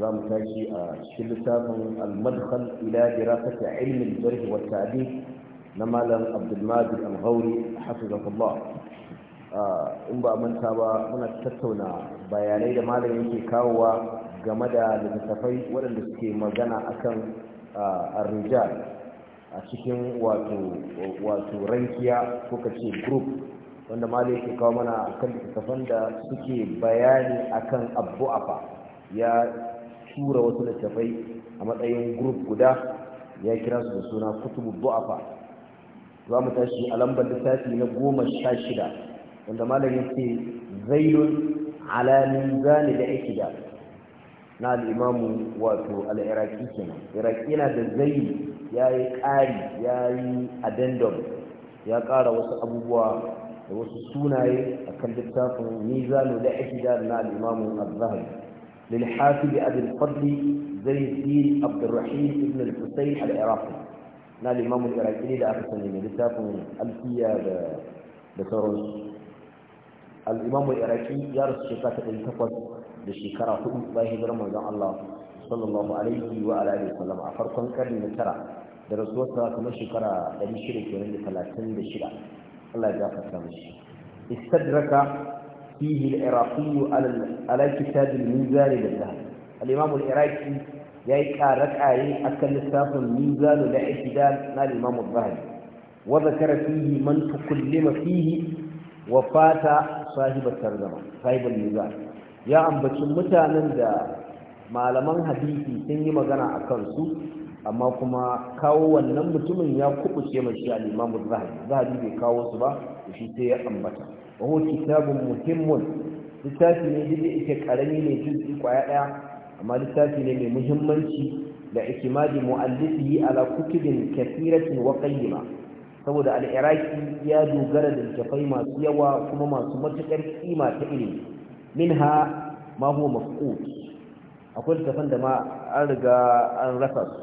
za mu tashi a cikin littafin almadhal ila dirasati ilmi al-jarh wa ta'dil na malam Abdul Majid Al-Ghauri hafizahullah in ba manta ba muna tattauna bayanai da malam yake kawowa game da littattafai waɗanda suke magana akan ar-rijal a cikin wato wato rankiya ko kace group wanda malam yake kawo mana akan littattafan da suke bayani akan abu afa ya tura wasu littafai a matsayin grup guda ya kira su da suna kutubu du'afa za mu tashi a lambar littafi na goma sha shida wanda malam ya ce zailun alamin zane da da na al'imamu wato al'iraki kenan iraki yana da zai ya yi ƙari ya yi addendum ya ƙara wasu abubuwa da wasu sunaye a kan littafin mizanu da ikida na al'imamu al للحافظ أبي الفضل زي الدين عبد الرحيم بن الحسين العراقي نا الإمام العراقي ده أكثر من لتاكم ألفية بسرعة الإمام العراقي يارس شكاة الانتفض لشكرة خطوط الله برمضان الله صلى الله عليه وعلى آله وسلم أفرقا كرم ترى درسوتها كما شكرة لشركة من 36 الله يجعل فتامش استدرك فيه العراقي على على كتاب الميزان للذهب الإمام العراقي يقع ركعه أكل الساف الميزان لاعتدال مع الإمام الظهري وذكر فيه من تكلم فيه وفات صاحب الترجمة صاحب الميزان يا أم بتشم متانا دا malaman hadisi sun yi magana a kansu amma kuma kawo wannan mutumin ya kubuce mashi al-imamu zahabi zahabi bai kawo su ba shi sai ya ambata wa huwa kitabun muhimmun littafi ne duk da yake karami ne juz'i kwaya daya amma littafi ne mai muhimmanci da ikimadi mu'allifihi ala kutubin kathiratin wa qayyima saboda al ya dogara da littafai masu yawa kuma masu matukar kima ta ilimi minha ma huwa mafqud akwai littafan da ma an riga an rasa su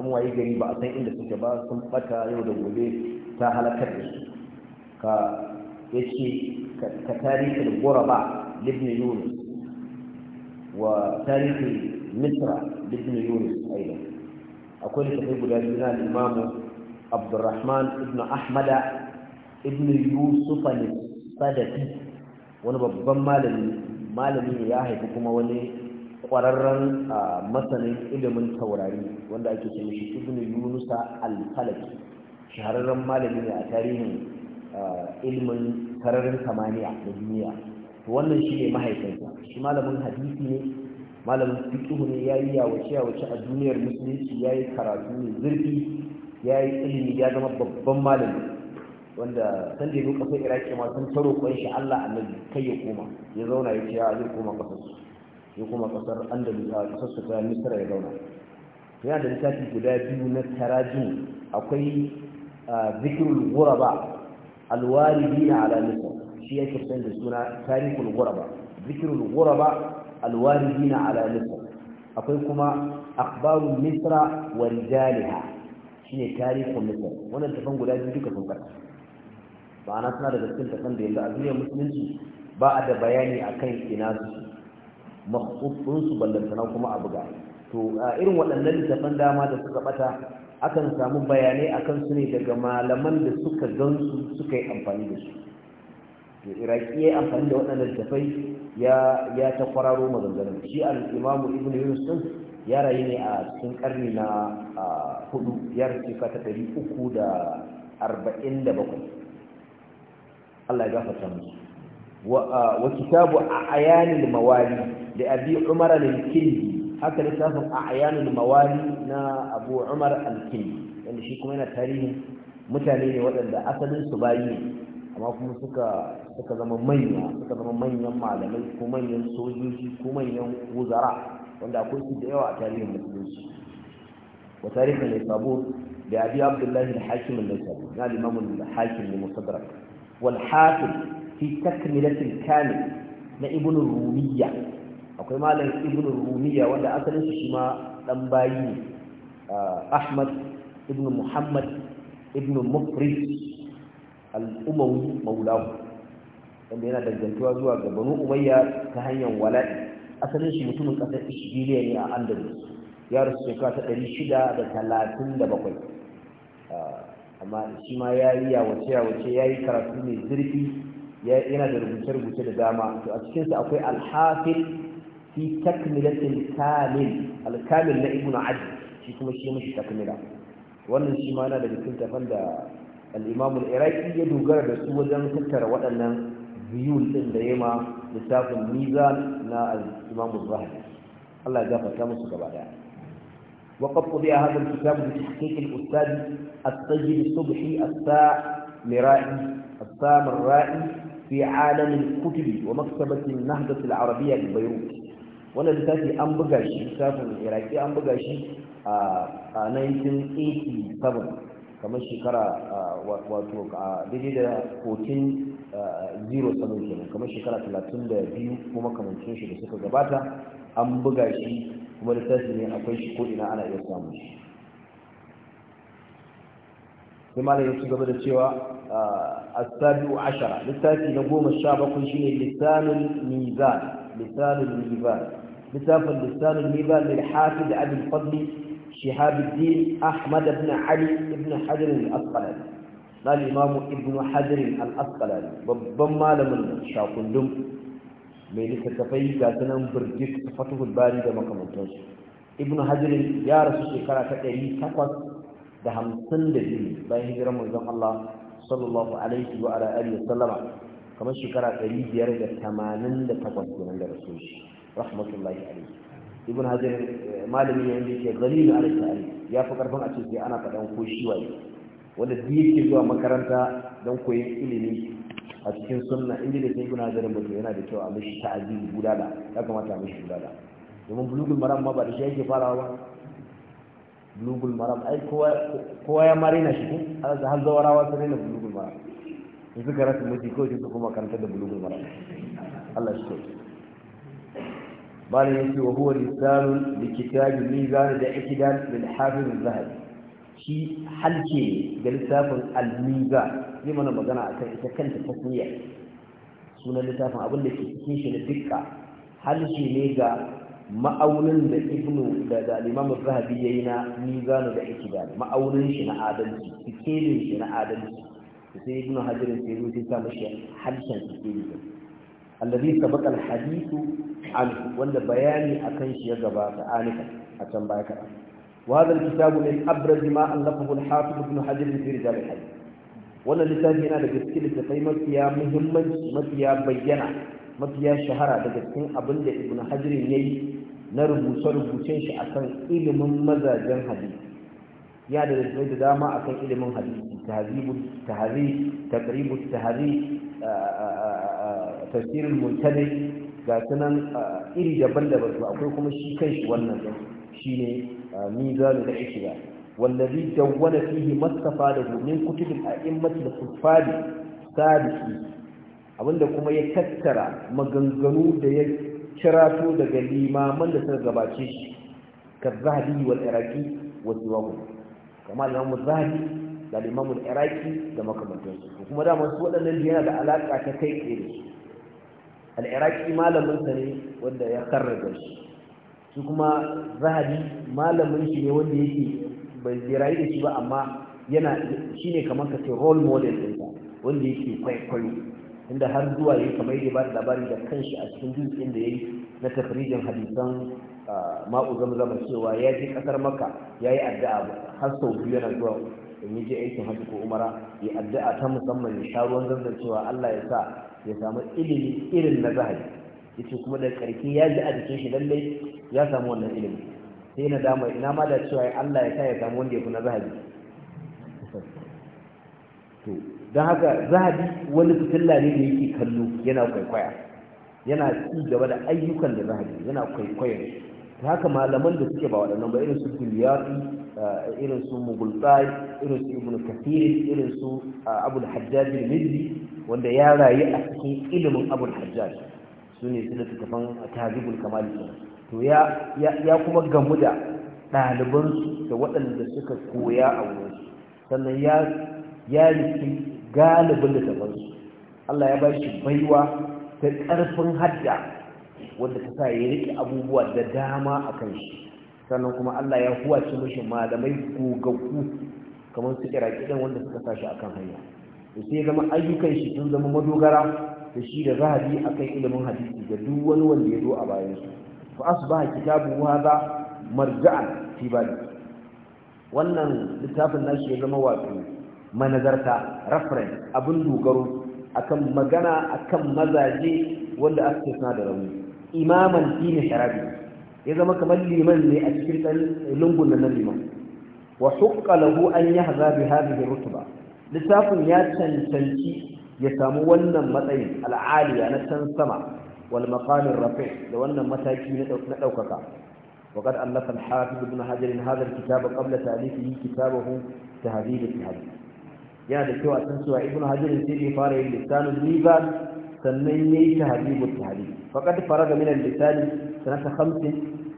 an waye gari ba a san inda suka ba sun bata yau da gobe ta halakar da su ka yace ka tarihin guraba ibn yunus wa tarihin misra ibn yunus aidan akwai littafai guda biyu na imamu abdurrahman ibn ahmada ibn yusuf al-sadafi wani babban malami malami ne ya haifi kuma wani kwararren masanin ilimin taurari wanda ake ce mishi ibn yunusa al-falaki shahararren malami ne a tarihin ilimin sararin samaniya da duniya wannan shi ne mahaifinsa shi malamin hadisi ne malamin fiqh ne ya yi yawace yawace a duniyar musulunci ya yi karatu ne zurfi ya yi ilimi ya zama babban malami wanda san da ya kasar iraki ma sun taro shi allah annabi kai ya koma ya zauna ya ce ya zai koma kasar ya koma kasar andalus a kasar su ta misra ya zauna yana da littafi guda biyu na tarajin akwai zikirul guraba alwaridina ala misr shi yake san da suna tarikul ghuraba zikrul ghuraba alwaridina ala misr akwai kuma akhbarul misra wa rijaliha shine tarikul misr wannan tafan guda biyu duka sun karanta ma'ana suna da cikin tafan da yanzu a duniyar musulunci ba a da bayani akan ina su makhutun ballantana kuma a buga to irin waɗannan littafan dama da suka bata akan samu bayanai akan su ne daga malaman da suka gansu suka yi amfani da su iraki ya amfani da waɗannan tafai ya ta kwararo maganganun shi al'imamu ibn yunus ya rayu ne a cikin karni na hudu ya ka ta ɗari uku da arba'in da bakwai allah ya gafarta musu wa kitabu a ayanin mawali da abi umar al-kindi haka littafin a ayanul mawali na abu umar alkini wanda shi kuma yana tarihin mutane ne waɗanda asalin su bayi ne amma kuma suka suka zama manya suka zama manyan malamai ko manyan sojoji ko manyan wuzara wanda akwai su da yawa a tarihin musulunci wa tarihin ne sabo da abi abdullahi da hakimin ne sabo na limamun da hakim ne musadrak wal hakim fi takmilatil kamil na ibnu rumiyya akwai malam ibn rumiya wanda asalin shi ma dan bayi ah, ahmad ibn muhammad ibn mufrid al-umawi maulahu wanda yana dangantuwa zuwa ga banu umayya ta hanyar wala'i asalin shi mutumin kasar ishbiliya ne a andalus ya rasu shekara ta ɗari shida da talatin da bakwai ah, amma shi ma ya yi yawace yawace ya yi karatu mai zurfi yana da rubuce-rubuce da dama to a cikinsa akwai alhafin في تكملة الكامل الكامل لابن عدل شي كما شي مش تكملة وانا شي ما انا دا كنت فندا الامام العراقي يدو غرا دا سو وزن تتر زيول دين ديما لساق الميزان نا الامام الظاهر الله يجافى كم سكبا وقد قضي هذا الكتاب بتحقيق الاستاذ الطيب الصبحي الساء مرائي الصام الرائي في عالم الكتب ومكتبة النهضة العربية ببيروت wannan littafi an buga shi littafin iraki an buga shi a 1987 kamar shekara wato daidai da 1407 kenan kamar shekara 32 kuma kamancin shi da suka gabata an buga shi kuma littafi ne akwai shi ko'ina ana iya samun shi sai da ya su gaba da cewa a asabi ashara littafi na goma sha bakwai shi ne mizan lisanul littafin listanul liba lil hafiz abul fadli shihabuddin ahmad ibn ali ibn hajar al-asqalani na imam Ibnu hajar al-asqalani babban malamin Shakundun, mai littattafai ga sanan burjik fatuhul bari da makamantansu ibn hajar ya rasu shekara ta ɗari takwas da hamsin da biyu bayan hijirar manzon Allah sallallahu alaihi wa ala alihi shekara ɗari biyar da tamanin da takwas kenan da rasu rahmatullahi alaihi ibn hajar eh, malami ne wanda yake galilu alaihi alaihi ya fi karfin a cikin ana faɗan ko shi waye wanda duk yake zuwa makaranta don koyon ilimi a cikin sunna inda da sai ibn hajar mutum yana da kyau a mishi ta'azimi budala ya kamata a mishi budala domin bulugul maram ma ba da shi yake farawa ba bulugul maram ai kowa ya mare na shi ko har zawarawa sun na bulugul maram in suka rasa miji kawai sai su kuma karanta da bulugul maram Allah shi kyautu bala yake wa huwa lisanun likitabi mizan da ikidan lil hafiz zahabi shi halke ga littafin al-mizan zai mana magana akan ita kanta tasniya sunan littafin abin da ke cikin shi na dukka halke ne ga ma'aunin da ibnu da da imamu zahabi yayi na mizanu da ikidal ma'aunin shi na adalci sikelin shi na adalci sai ibnu hajar sai sa mashi halshen sikelin alladhi sabaqa alhadithu an wanda bayani akan shi ya gabata alika a can baya kada wa hadha alkitabu min abrad ma allafahu alhafiz ibn hajar fi rijal alhadith wannan littafi yana da gaske da littafai mafiya muhimmanci mafiya bayyana mafiya shahara daga cikin abin da ibn hajar yayi na rubuce-rubucen shi akan ilimin mazajen hadisi ya da littattafai da dama akan ilimin hadisi tahzibul tahzib taqribut tahzib tafsirin mutane ga sunan iri daban-daban su akwai kuma shi kan shi wannan don. shi ne mizanu da ishira wallazi dawwana fihi mastafa da domin kutubin a'immatul kufari sadisi abinda kuma ya tattara maganganu da ya kirato daga limaman da suka gabace shi ka zahabi wa iraki wa siwahu kama da imamu zahabi da limamun iraki da makamantansu kuma da su waɗannan da yana da alaƙa ta kai tsaye al'iraki malaminsa ne wanda ya karraga shi shi kuma zahabi malamin shi ne wanda yake bai zirayi da shi ba amma yana shi ne kamar ka ce role model ka, wanda yake kwaikwayo inda har zuwa ya kamar yadda ba da labari da kanshi a cikin dutsen da ya yi na tafrijin hadisan ma'u zama cewa ya je kasar maka ya yi addu'a har sau biyu yana zuwa in yi je aikin hajji ko umara ya addu'a ta musamman ya sha ruwan zamzam cewa allah ya sa ya samu ilimi irin na zahabi yace kuma da karke ya ji a jikin shi lallai ya samu wannan ilimi sai na dama ina ma da cewa Allah ya sa ya samu wanda ya fi na zahabi to don haka zahabi wani fitilla ne da yake kallo yana kwaikwaya yana ci gaba da ayyukan da zahabi yana kwaikwayon ta haka malaman da suke ba waɗannan ba irin su guliyati eh, irin su mugultai irin su ibn irin su eh, abul hajjaj al-mizzi wanda ya rayu a cikin ilimin abul hajjaj su ne suna tukafan tazibul kamali to ya ya kuma gamu da ɗalibansu da waɗanda suka koya a wurinsu sannan ya ya galibin da tabansu Allah ya ba shi baiwa ta ƙarfin hadda wanda ta sa ya riƙe abubuwa da dama a kan shi sannan kuma Allah ya huwace mishi malamai gogaggu kamar su kira kiɗan wanda suka sa shi akan hanya to sai zama ayyukan shi sun zama madogara da shi da zahabi akan ilimin hadisi ga duk wani wanda ya zo a bayan su fa asbaha kitabu hadha marja'an fi bali wannan littafin nashi ya zama wato manazarta reference abin dogaro akan magana akan mazaje wanda aka suna da rauni imaman dini sharabi ya zama kamar liman ne a cikin lungun na liman wa hukka lahu an yahza bi hadhihi rutba littafin ya cancanci ya samu wannan matsayin al'aliya na can sama wal maqamin rafi da wannan mataki na ɗaukaka وقد ألف الحافظ ابن حجر هذا الكتاب قبل تأليفه كتابه تهذيب التهذيب yana da kyau a san cewa ibn hajar sai ya fara yin lisanul mizan sannan yayi tahdibut tahdib faqad faraga min al-lisan sanata 50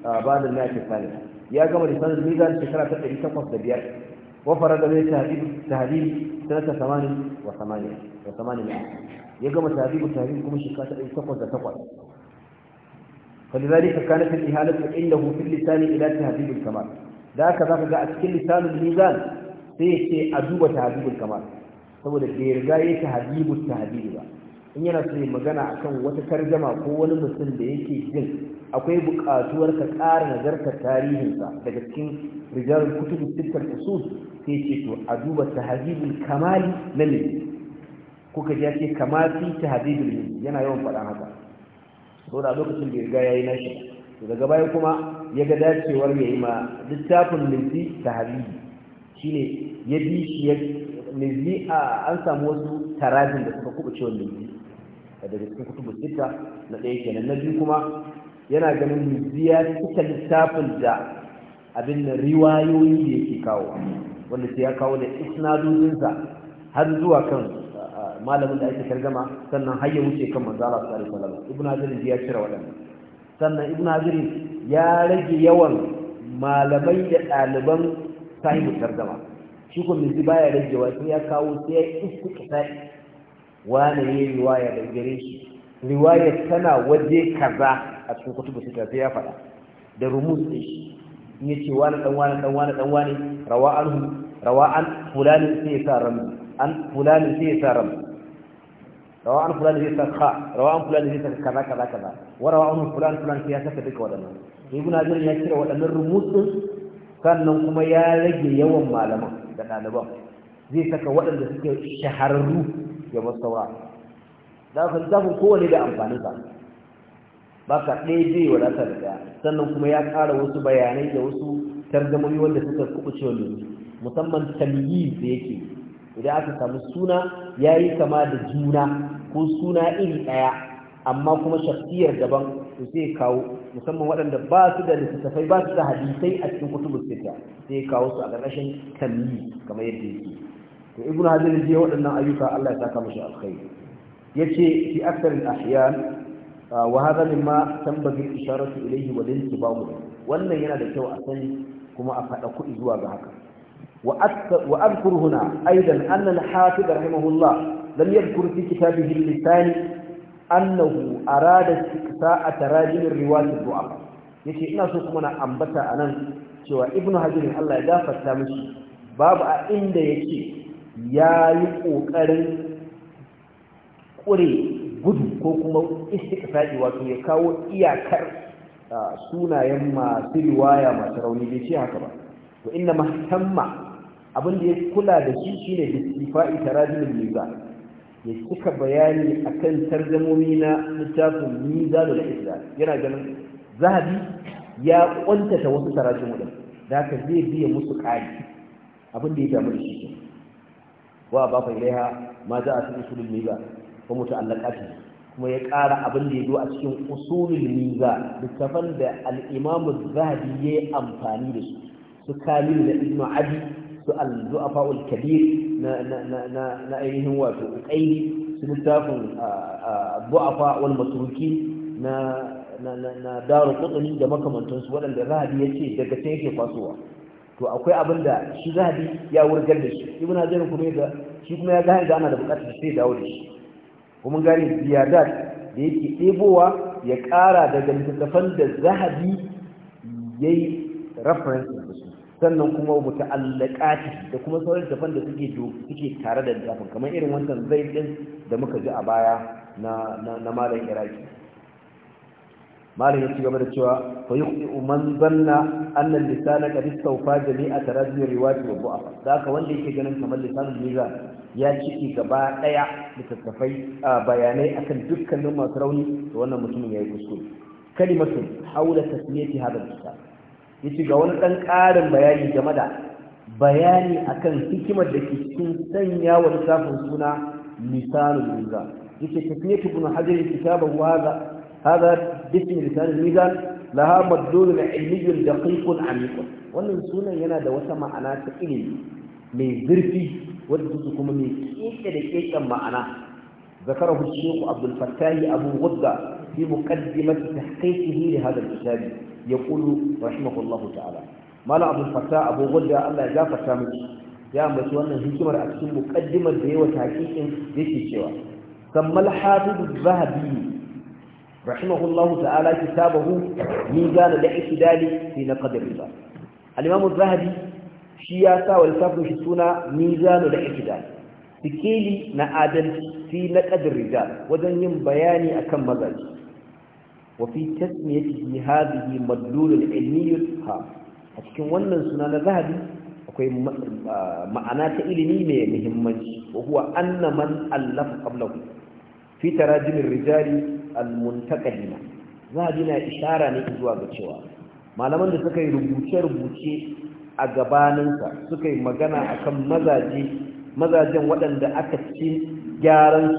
ah, ba'da al-mi'at al-thalith ya gama lisanul mizan shekara ta 805 وفرد به تهذيب تهذيب ثلاثة ثمانية وثمانية وثمانية يقوم تهذيب التهذيب كم شكات أي تقوى فلذلك كانت الإهالة إنه في اللسان إلى تهذيب الكمال ذاك ذاك جاءت كل لسان الميزان سيحتي أدوب تهذيب الكمال saboda bai riga ya tahdibu in yana so magana akan wata tarjama ko wani mutum da yake jin akwai buƙatuwar ka ƙara nazartar tarihinsa daga cikin rijal kutubu sittar usul sai ce to a duba tahazibul kamali na ko kuka ji ce kamati tahazibul lili yana yawan faɗa haka da lokacin da riga yayi nashi daga baya kuma ya ga dacewar yayi ma littafin lili tahazibi shine ya bi shi ya a an samu wasu tarajin da suka kuɓuce wa lili daga cikin kutubu sita na ɗaya kenan na biyu kuma yana ganin miziya cika littafin da abin da riwayoyi da yake kawo wanda sai ya kawo da isnadodinsa har zuwa kan malamin da ake targama sannan har ya wuce kan manzo Allah sallallahu alaihi wasallam ibnu hajar ya cire waɗannan. sannan ibnu hajar ya rage yawan malamai da ɗaliban sahibu targama shi ko mizi baya rage sai ya kawo sai ya istiqsa'i wane ya riwaya da gare shi riwaya tana waje kaza a cikin kutubu sita sai ya faɗa da rumus ɗin shi ya ce wani ɗan wani ɗan wani ɗan wani rawa an rawa an fulani sai ya sa ramu an fulani sai ya sa ramu rawa an fulani zai san kha rawa an fulani zai san kaza kaza kaza wa rawa an fulani fulani sai ya saka duka waɗannan ibn hajar ya cire waɗannan rumus rumusin sannan kuma ya rage yawan malaman da ɗaliban zai saka waɗanda suke shahararru ya bar da ka kowane da amfaninsa ba ka ɗaya zai wadata da ɗaya sannan kuma ya ƙara wasu bayanai da wasu targamomi wanda suka kuɓuce wa musamman tamyi da yake idan aka samu suna ya yi kama da juna ko suna iri ɗaya amma kuma shafiyar daban to sai kawo musamman waɗanda ba su da littattafai ba su da hadisai a cikin kutubus sita sai kawo su a ga ƙarƙashin tamyi kamar yadda yake to ibn hajar ya je waɗannan ayyuka Allah ya saka mashi alkhairi yace fi akthar al-ahyan ah, wa hadha mimma tanbaghi isharatu ilayhi wa lintibahu wannan yana da kyau a sani kuma a fada kuɗi zuwa ga haka وأذكر هنا أيضا أن الحافظ رحمه الله لم يذكر في Annahu, arada أنه أراد استقصاء تراجم الرواية الضعفاء yace ina so kuma na ambata anan cewa ibnu hajar Allah ya gafarta mishi babu a inda yake ya yi ƙoƙarin ƙure gudu ko kuma istiƙasaɗi wato ya kawo iyakar sunayen masu riwaya masu rauni bai ce haka ba to inna mahtamma abin da ya kula da shi shine istifa'i tarajimul mizan ya cika bayani a kan tarjamomi na littafin da islam yana ganin zahabi ya kwantata wasu tarajimu din da haka zai biya musu ƙari abin da ya damu da shi وأضاف إليها ما جاء في أصول الميزان ومتعلقاته kuma ya ƙara abin da ya zo a cikin usulul miza littafan da al-imam az-zahabi ya yi amfani da su su kamil da ibnu su al-du'afa al-kabir na na na na ainihin wato uqayli su littafin du'afa wal matruki na na na daru qutni da makamantansu waɗanda zahabi ce daga sai yake kwasowa to akwai abin da shi zahabi ya wurgar da shi ibn hajar kuma ga shi kuma ya gane da ana da bukatar sai dawo da shi kuma gane ziyadat da yake ɗebowa ya ƙara daga littattafan da zahabi ya yi reference da su sannan kuma muta'allaqati da kuma sauran littattafan da suke suke tare da littafin kamar irin wannan zai din da muka ji a baya na na, na malam iraki malam ya ci gaba da cewa fa yuqti man zanna anna lisana a istawfa jami'a tarazi riwayat wa du'afa zaka wanda yake ganin kamar lisanul mizan ya ciki gaba daya littattafai bayanai akan dukkanin masu rauni da wannan mutumin yayi kuskure kalimatun haula tasmiyati hadha kitab yace ga wani dan karin bayani game da bayani akan hikimar da ke cikin sanya wa lissafin suna lisanul mizan yace tasmiyatu ibn hajar kitabahu hadha هذا dukkan lisanin nizan laha maddul na ilmiyyun da kulkun amikon wannan sunan yana da wata ma'ana ta ilimi mai zurfi wadda kuma mai keke da keken ma'ana zakara hushe ku abdul fattahi abu wadda fi muqaddimati tahqiqihi li hadha al-kitab yaqul rahimahullahu ta'ala mala abdul fattah abu wadda Allah ya gafarta miki ya ambaci wannan hikimar a cikin muƙaddimar da yawa tahqiqin yake cewa kamal hadid al-zahabi رحمه الله تعالى كتابه ميزان الاعتدال في نقد الرضا الإمام الذهبي شياسة والكافر في السنة ميزان الاعتدال تكيلي نعادل في نقد الرجال وذن بياني أكم مزاج وفي تسميته هذه مدلول العلمي الخام أتكن ونن سنة ذهبي akwai ma'ana ta ilimi mai muhimmanci wa huwa anna man allafa qablahu fi tarajim rijali al-muntakadina a dina ishara ne zuwa ga cewa malaman da suka yi rubuce-rubuce a gabaninsa suka yi magana akan mazaje mazajen waɗanda aka ci gyaran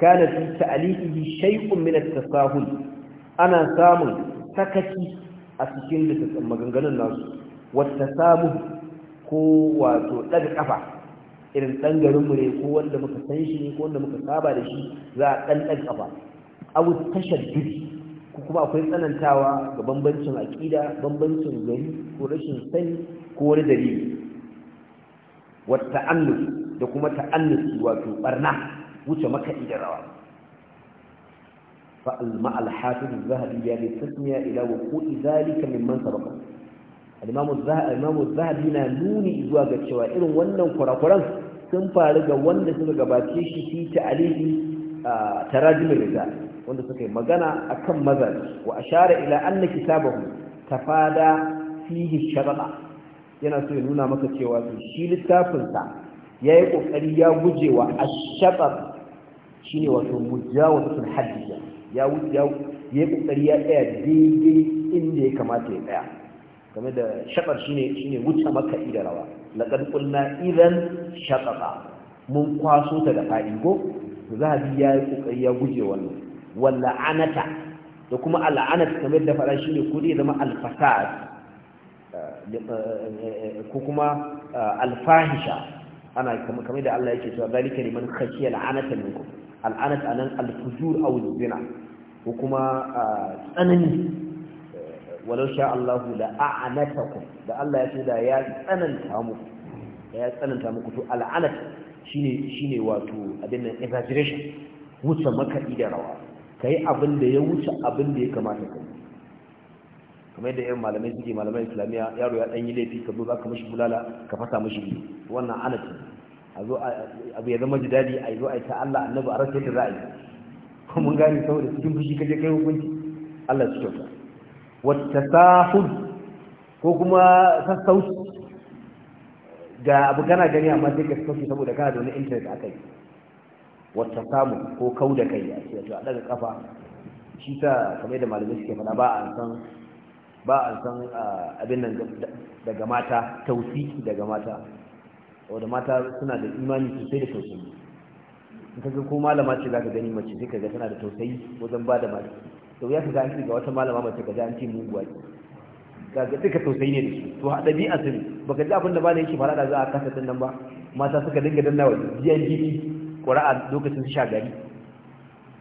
kana fi ta'alihi shay'un min at-tasahul ana samun sakaci a cikin littattafan maganganun nasu wata samu ko wato ɗaga kafa irin ɗan garinmu ne ko wanda muka san shi ne ko wanda muka saba da shi za a ɗan ɗaga kafa aw tashaddud ko kuma akwai tsanantawa ga bambancin aqida bambancin gari ko rashin sani ko wani dalili wa ta'annus da kuma ta'annus wato barna wuce makaɗi da rawa فألمع الحافظ الذهبي للتسمية إلى وقوع ذلك ممن سبقه الإمام الذهبي نانوني إزواج الشوائر ونن قرقرا سنفارق ونن shi باتيش في تعليم تراجم الرجال wanda suka yi magana akan mazaji wa share ila anna kitabahu tafada fihi sharada yana so ya nuna maka cewa to shi littafin Ya yi ƙoƙari ya a ash Shi ne wato mujawazatul haddiya ya wuce ya yi ƙoƙari ya ɗaya daidai inda ya kamata ya ɗaya. game da ne shine shine wuce maka ida rawa laqad na idan shaƙaƙa. mun kwaso ta da fadi ko zahabi ya yi ƙoƙari ya guje wannan walla'anata da kuma al'anata kamar da faɗa shi ne ko dai zama alfasad ko kuma alfahisha ana kamar da Allah yake cewa zalika liman khashiya al'anata minkum al'anata anan al-fujur aw zina ko kuma tsanani walau sha Allah la a'anatakum da Allah ya ce da ya tsananta muku ya tsananta muku to al'anat shine shine wato abin nan exaggeration wuce makaɗi da rawa ka yi abin da ya wuce abin da ya kamata ka yi kamar yadda irin malamai suke malamai islamiyya yaro ya ɗanyi laifi ka zo za ka mashi bulala ka fasa mashi biyu wannan ce a zo abu ya zama jidali a zo a yi ta Allah annabi a rasa yadda za a yi ko mun gane saboda cikin fushi ka je kai hukunci Allah su kyauta wata sahud ko kuma sassauci ga abu kana gani amma sai ka sassauci saboda kana da wani interest a kai wata samu ko kau da kai a cikin a daga kafa shi ta kamar da malamai suke faɗa ba a san ba a san abin nan daga mata tausiki daga mata wadda mata suna da imani sosai da tausayi in ka ga ko malama ce ka gani mace sai ka ga tana da tausayi wajen ba da mata to ya kaga an ga wata malama mace ka ga an ce muguwa ce kaga duka tausayi ne da shi to a ɗabi'a su ne baka ji abin da ba da yake fara da za a kasa din nan ba mata suka dinga danna wa jiyan gidi ƙura'a lokacin sha gari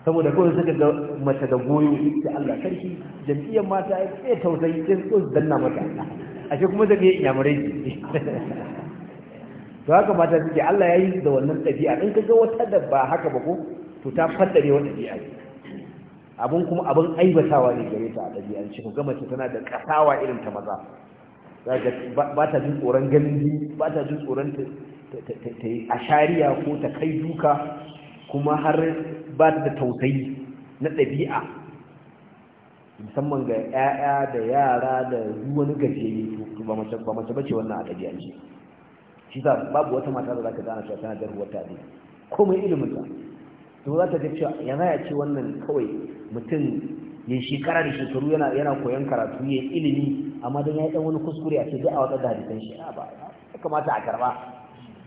saboda kawai suka ga mace da goyo da Allah sarki jam'iyyar mata ya tsaye tausayi sai su danna mata ashe kuma zai yi yamurai to haka mata suke Allah ya yi da wannan ɗabi'a in ka ga wata da ba haka ba ko to ta faddare wata ɗabi'a abun kuma abun aibatawa ne gare ta a ɗabi'ar shi ga mace tana da kasawa irin ta maza ba ta jin tsoron ganin ba ta jin tsoron ta yi ashariya ko ta kai duka kuma har ba da tausayi na ɗabi'a musamman ga 'ya'ya da yara da wani gajiyayye ba mace bace wannan a ɗabi'a ce shi sa babu wata mata da za ka zana cewa tana jarhuwar ta ne komai ilimin ta to za ta ga cewa yana ya ce wannan kawai mutum ya shekara da shekaru yana yana koyon karatu ya ilimi amma don ya yi ɗan wani kuskure a ce duk a wata da hadisan shi ba ya kamata a karba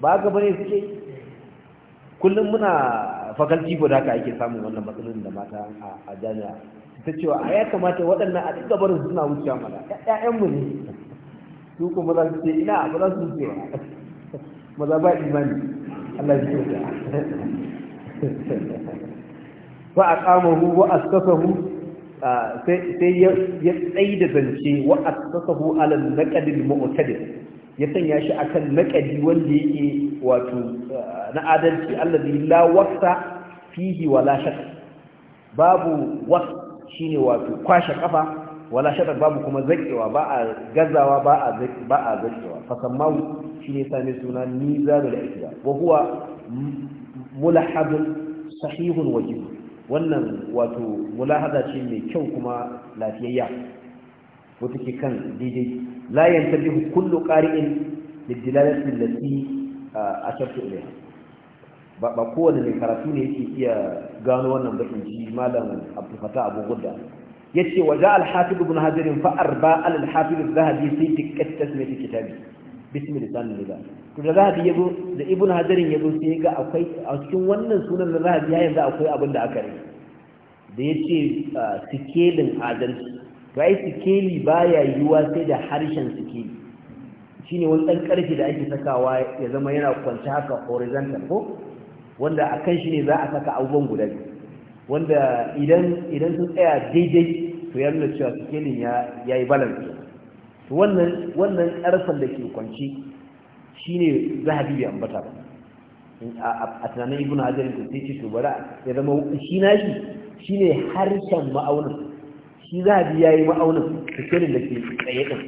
ba ga bane suke kullum muna fakalti ko da haka ake samun wannan matsalolin da mata a jami'a ta cewa a ya kamata waɗannan a duk gabar suna wuce mana ƴaƴanmu ne su kuma za su ce ina ba za su wuce ba maza ba imani Allah ya kyauta a aqamahu wa askasahu sai ya tsayi da zance wa askasahu alal naqdil mu'tadil ya sanya shi akan naƙadi wanda yake wato eh, na adalci allazi la wasa fihi wala shak babu was shine wato kwashe kafa wala shak babu kuma zakewa ba a gazawa ba a ba a zakewa fa sammahu shine same suna mizanul ikda wa huwa mulahadun sahihun wajib wannan wato mulahada ce mai kyau kuma lafiyayya wata ke kan daidai la yantabihu kullu kari'in lidilalati allati ashaftu ilayha ba ba kowane karatu ne yake iya gano wannan bakin ji malam Abdul Fattah Abu Gudda yace wa ja al-Hafiz ibn Hajar fa arba al-Hafiz az-Zahabi fi da Ibn Hajar yabo sai ga akwai a cikin wannan sunan na Zahabi ya yanzu akwai abin da aka yi da yace sikelin adalci to sikeli baya yiwuwa sai da harshen sikeli shine wani ɗan karfi da ake sakawa ya zama yana kwanci haka horizontal ko wanda a kan za a saka abubuwan guda biyu wanda idan sun tsaya daidai to ya nuna cewa sikelin ya yi balance to wannan wannan da ke kwanci shine zahabi bai ambata ba a tunanin ibnu hajar da sai ce to bara ya zama shi na shine harshen ma'aunin shi zahabi ya yi ma'aunin sikirin da ke tsaye ɗin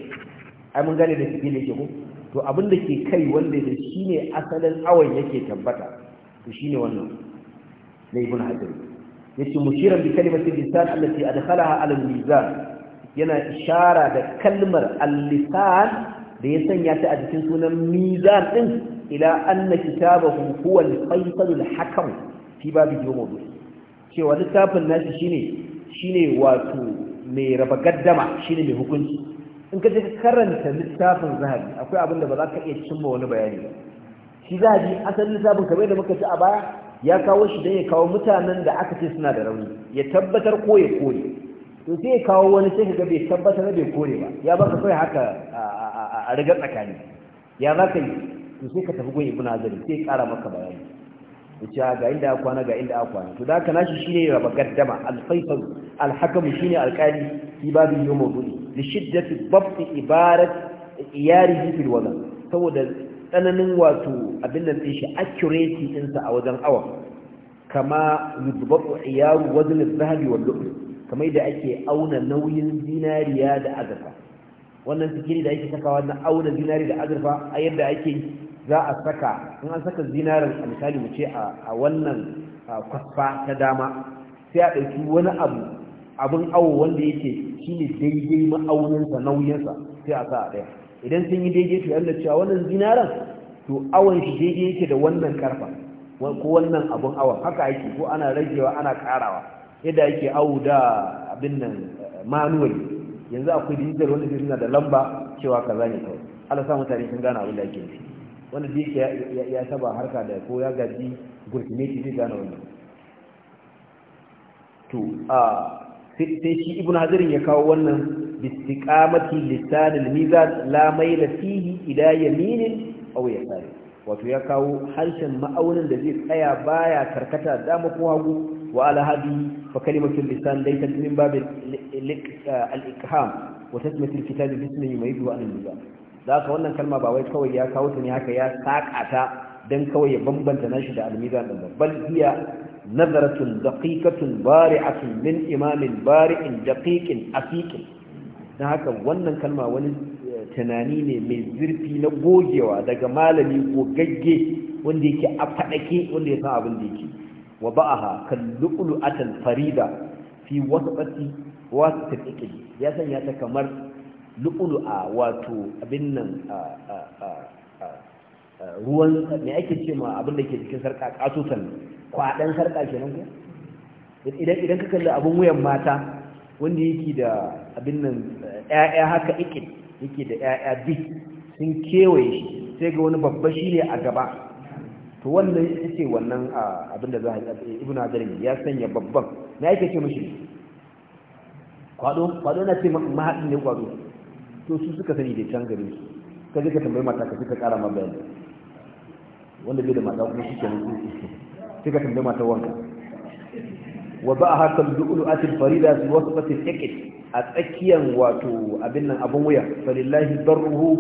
ai mun gane da sikirin da ke ku to abin da ke kai wanda da shi ne asalin awon yake tabbata to shi ne wannan na ibn hajar ya ce mushiran bi kalimatin lisan allati adkhalaha ala mizan yana ishara da kalmar al-lisan da ya sanya ta a cikin sunan mizan din ila anna kitabahu huwa al-faisal al-hakam fi babu yawm cewa littafin nashi shine shine wato mai raba gaddama shine mai hukunci in ka je ka karanta littafin zahabi akwai abin da ba za ka iya cimma wani bayani shi zahabi asalin littafin kamar da muka ci a baya ya kawo shi don ya kawo mutanen da aka ce suna da rauni ya tabbatar ko ya kore to sai ya kawo wani sai ka bai tabbatar bai kore ba ya baka kai haka a rigar tsakani ya za ka yi to sai ka tafi gun ibn hazari sai ya kara maka bayani yace ga inda aka kwana ga inda aka kwana to da haka nashi shine raba gaddama al-faisal al-hakam shine alqali fi babin yawm al-budi li shiddati dabt ibarat iyarihi fil wazn saboda tsananin wato abin da din shi accuracy ɗinsa a wajen awa kama yudbatu iyaru wajen al-zahabi wal lu'lu kamar yadda ake auna nauyin zinariya da azurfa wannan sikiri da ake sakawa na auna zinari da azurfa a yadda ake za a saka in an saka zinarin a misali mu ce a wannan kwasfa ta dama sai a ɗauki wani abu abin awo wanda yake shi ne daidai ma'auninsa nauyinsa sai a sa a ɗaya idan sun yi daidai to yalla cewa wannan zinarin to awon shi daidai yake da wannan karfa ko wannan abun awon haka ake ko ana ragewa ana karawa yadda yake awo da abin nan eh, manuwal yanzu akwai digital wanda suna da lamba cewa kaza ne kawai Allah sa mutane sun gana abin da ake nufi wanda da yake ya saba harka da ko ya gaji gurkineti zai gane wannan to a sai shi ibn hazarin ya kawo wannan bistiqamati lisanil mizan la ida fihi ila yaminin aw yasari wato ya kawo harshen ma'aunin da zai tsaya baya karkata dama ko hagu wa ala hadi fa kalimatul lisan laysat min bab al-iqham wa tasmiyatul kitab bismihi ma yadu an al-mizan Zaka wannan kalma ba wai kawai ya kawo ta ne haka ya saƙa ta don kawai ya bambanta nashi da almizan ɗin bal hiya nazaratun daqiqatun bari'atun min imamin bari'in daqiqin afiqin dan haka wannan kalma wani eh, tunani ne mai zurfi na gogewa daga malami gogagge wanda yake a faɗake wanda ya san abin da yake wa ba'aha kallu'lu atal farida fi wasati wasati ya sanya ta kamar a wato abin nan ruwan me ake ce ma abin da ke cikin sarka kasutan kwaɗan sarka ke nan idan idan ka kalli abin wuyan mata wanda yake da abin nan yaya haka ikin yake da ƴaƴa bi sun kewaye shi sai ga wani babba shi ne a gaba to wannan yake wannan abin da za a ibn adarin ya sanya babban me ake ce mashi kwado kwado na ce mahaɗin ne kwado to su suka sani da can gare su ka je ka tambayi mata ka suka kara ma bayani wanda bai da mata kuma shi kenan su sai ka tambayi mata wanka wa ba ha kan du'ulu atil farida su wasu batin a tsakiyan wato abin nan abun wuya falillahi barruhu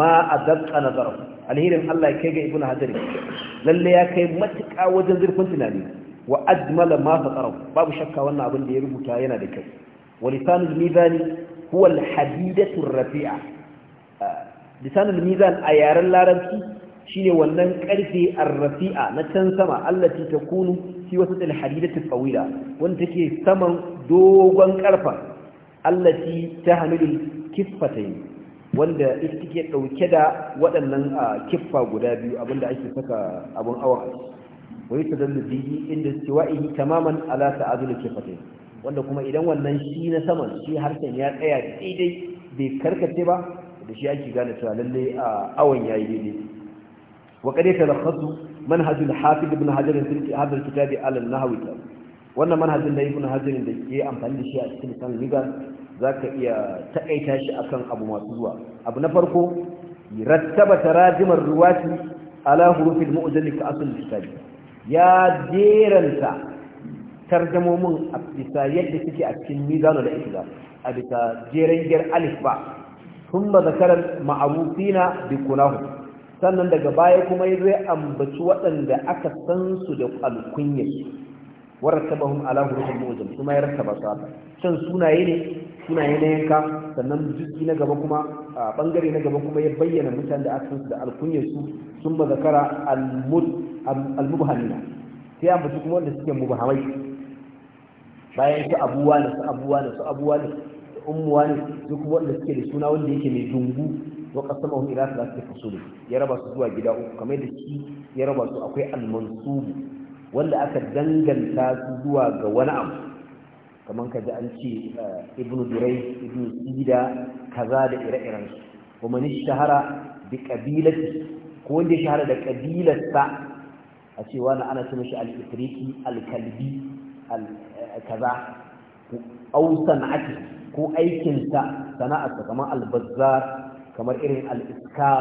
ma a zakka nazarar alherin Allah ya kai ga ibnu hadari lalle ya kai matuƙa wajen zurfin tunani wa ajmala ma fa babu shakka wannan abin da ya rubuta yana da kyau wa lisanul mizani huwa al-hadidatu rafi'a lisanul mizan a yaren larabci shine wannan karfe ar-rafi'a na can sama allati takunu fi wasat al-hadidatu tawila wanda take saman dogon karfa allati tahmilu kiffatayn wanda ita take dauke da waɗannan kiffa guda biyu abinda ake saka abun awa wai tadallu bihi inda istiwa'ihi tamaman ala ta'adul kiffatayn wanda kuma idan wannan shi na saman shi harshen ya tsaya daidai bai karkace ba da shi ake gane cewa lalle a awon yayi daidai wa kadai talakhasu manhajul hafiz ibn hajar fi hadha alkitab ala an-nahwi wannan manhajin da ibn hajar da ke amfani da shi a cikin san ligar zaka iya takaita shi akan abu masu zuwa abu na farko rattaba tarajimar ruwati ala hurufil mu'jam ka asl kitab ya jeranta tarjamomin a bisa yadda suke a cikin mizanu da ikila a bisa jeren giyar alif ba sun ba zakarar ma'arufina bi kunahu sannan daga baya kuma ya zai ambaci waɗanda aka san su da alkunya warattabahum ala hurufin mu'jam kuma ya rattaba su haka can sunaye ne sunaye na yanka sannan jiki na gaba kuma a bangare na gaba kuma ya bayyana mutanen da aka san su da alkunyar su sun ba zakara al-mubhamina sai ambaci kuma wanda suke mubhamai bayan su abuwa ne su abuwa ne su abuwa ne su ummuwa ne wanda suke da suna wanda yake mai dungu wa qasamahum ila thalathati ne ya raba su zuwa gida uku kamar da shi ya raba su akwai al wanda aka danganta su zuwa ga wani abu kamar ka ji an ce eh, ibnu durai ibnu sida kaza da ire-iren su kuma ni shahara bi qabilati ko wanda shahara da qabilarsa a cewa na ana ce mishi al-ifriqi al-kalbi al kaza au sana'ati ko aikinsa sana'arsa kamar albazzar kamar irin al'iska,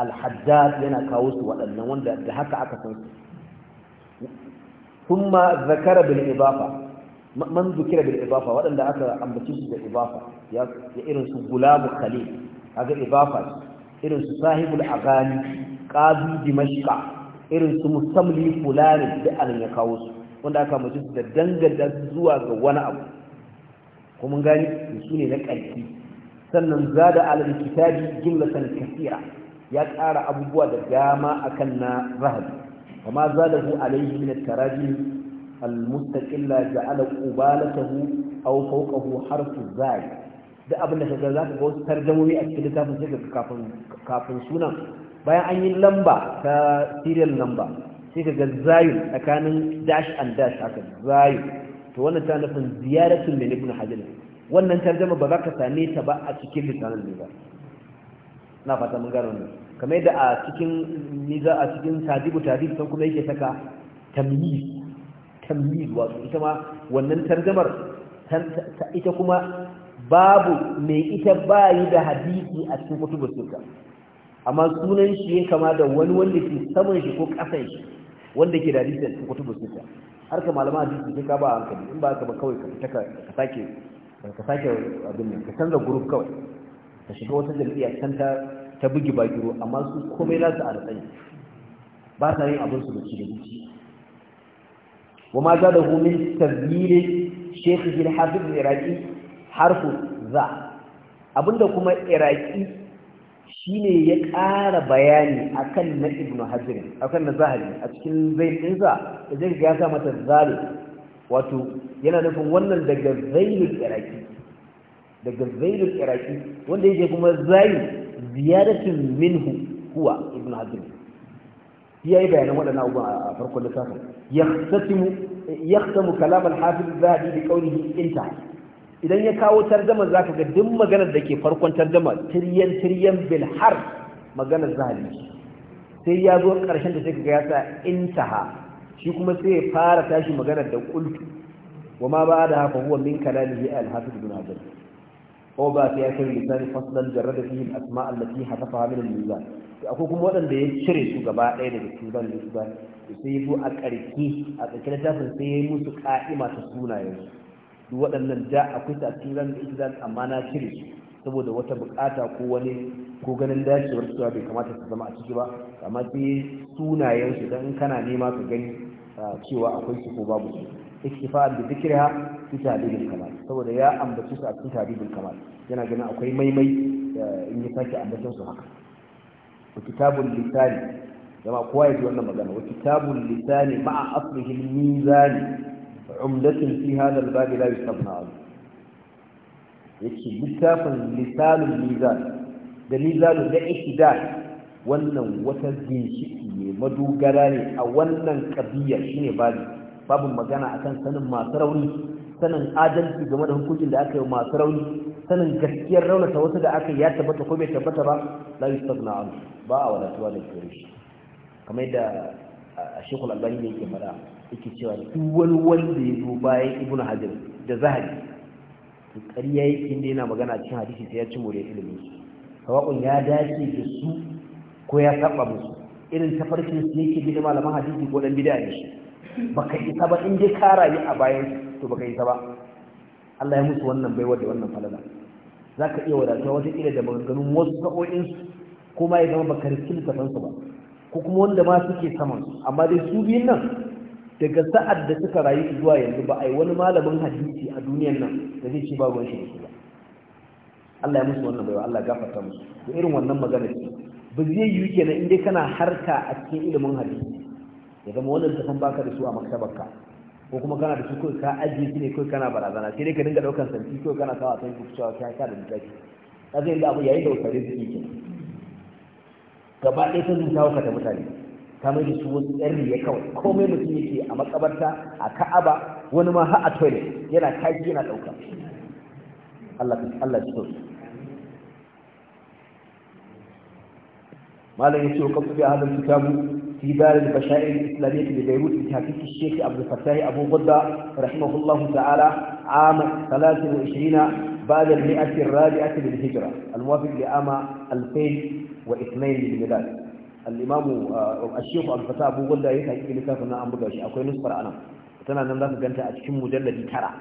al yana kawo su waɗannan wanda da haka aka san su thumma zakara bil man zukira bil waɗanda aka ambaci su da Ibafa, ya irin su gulabu khalil kaga ibafa irin su sahibul agani qadi dimashqa irin su musamli fulani da an ya kawo su wanda aka mace su da danganta zuwa ga wani abu kuma gani su ne na ƙarfi sannan za da alal kitabi jumlatan kasira ya ƙara abubuwa da dama akan na rahabi amma za da hu alaihi min taraji almustaqilla ja'ala qubalatahu aw fawqahu harfu zai da abin da ga zaka ga wasu tarjumomi a cikin littafin sai kafin kafin sunan bayan an yi lamba ta serial number sai ka ga zayu tsakanin dash and dash haka zayu to wannan ta nufin ziyaratul min ibn hajar wannan tarjuma ba za ka same ta ba a cikin lisanin ne ba na fata mun gano ne kamar yadda a cikin niza a cikin tadibu tadib san kuma yake saka tamyiz tamyiz wato ita ma wannan tarjumar ita kuma babu mai ita bayi da hadisi a cikin kutubus suka amma sunan shi kama da wani wanda ke saman shi ko kasan shi wanda ke da hadisi da cikin kutubu sita har ka malama hadisi sai ka ba hankali in ba ka ba kawai ka fita ka sake ka sake abin nan ka canza group kawai ka shiga wata jam'iyya can ta ta bugi bakiro amma su komai na su a da ba sa yin abin su da ci da zuci wa ma za da min tabbire shekhi bin hafiz iraki harfu za abinda kuma iraki Shi ne ya ƙara bayani a kan na Ibn ibnu a kan na zahari a cikin zai ɗinsa da zai ya sa mata zali wato yana nufin wannan daga zailul iraki daga zailul iraki wanda yake kuma zai ziyaratin minhu huwa Ibn hajar ya yi bayanan waɗannan abubuwan a farkon littafin Ya yaktamu kalam al-hafiz zahabi bi qawlihi intaha idan ya kawo tarjama za ka ga duk maganar da ke farkon tarjama tiryan tiryan bil har maganar zahali sai ya zo ƙarshen da sai ga ya sa intaha shi kuma sai ya fara tashi maganar da kultu wa ma ba da haka huwa min kalalihi al-hafiz ibn hajar ko ba ya kai lisan faslan jarrada fihi al-asma allati hadafaha min al-mizan akwai kuma waɗanda ya cire su gaba ɗaya daga cikin ban sai ya zo a karshe a tsakiyar tafin sai ya yi musu ka'ima ta sunayen su waɗannan da akwai ta cikin da ita amma na cire su saboda wata bukata ko wani ko ganin dacewar cewa bai kamata su zama a ciki ba amma sai sunayen su dan kana nema ka gani cewa akwai su ko babu su iktifa'an da zikriha fi tahdidil kamal saboda ya ambaci su a cikin tahdidil kamal yana ganin akwai maimai in ya sake ambacin su haka wa kitabul lisani jama'a kowa ya ji wannan magana wa kitabul lisani ma'a aslihi mizani umdatun fi hada albabi la yusabna abu yake littafin misalin mizan da mizanul da ihdad wannan wata ginshiki ne madogara ne a wannan kabiya shine babu babu magana akan sanin masu rauni sanin adalci game da hukuncin da aka yi masu rauni sanin gaskiyar raunata wasu da aka ya tabbata ko bai tabbata ba la yusabna abu ba a wadatuwa da gare kamar yadda a shekul albani ne yake faɗa yake cewa duk wani wanda ya zo bayan ibnu hajar da zahari to ƙarya yake inda yana magana cikin hadisi sai ya ci more ilimin su sawa'un ya dace da su ko ya saba musu irin tafarkin su yake bi da malaman hadisi ko dan bid'a ne shi baka isa ba in dai ka rayu a bayan to baka isa ba Allah ya musu wannan baiwa da wannan falala zaka iya wadata wata kila da maganganun wasu sa'o'in su ko ma ya zama baka rikin ba ko kuma wanda ma suke saman su amma dai su biyun nan daga sa'ad da suka rayu zuwa yanzu ba a yi wani malamin hadisi a duniyar nan da zai ci ba ruwan shi ba Allah ya musu wannan baiwa Allah gafarta musu Ko irin wannan magana ce ba zai yi kenan in dai kana harka a cikin ilimin hadisi ya zama wannan san baka da su a maktabarka ko kuma kana da su kai ka ajiye su ne kai kana barazana sai dai ka dinga daukan santi kai kana sawa san ku cewa ka ka da littafi ka zai da abu yayin da wasare su ke gaba ɗaya ta zuta ka da mutane ta mai su wasu ɗan ya kawai komai mutum yake a makabarta a ka'aba wani ma har a toilet yana kaji yana ɗauka Allah Allah ya so malam yace ko kuma hada kitabu في دار البشائر الإسلامية ببيروت بتحقيق الشيخ عبد الفتاح أبو غدة رحمه الله تعالى عام 23 بعد المئة الرابعة للهجرة الموافق لعام 2002 للميلاد al'imamu uh, a ku alfata abubuwan da ya haƙi littafin na an buga shi akwai nusfar anan tana nan za ka ganta a cikin mujalladi tara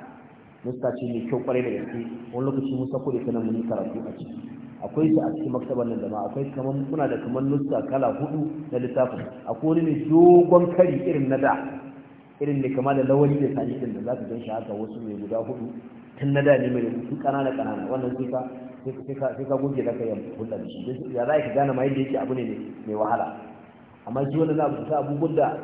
nuska ce mai kyau kwarai da gaske wani lokaci mun sako da sanan mun karatu a ciki akwai su a cikin maktabar nan da ma akwai kamar muna da kamar nuska kala hudu na littafin akwai wani mai dogon kari irin na da irin da kama da lawali da sani din da za ka gan shi haka wasu mai guda hudu tun na da ne mai rubutu kanana kanana wannan sai sai ka goge da yi hulɗa da shi ya za ka gane ma yadda yake abu ne mai wahala amma shi wani abu ta abubuwan da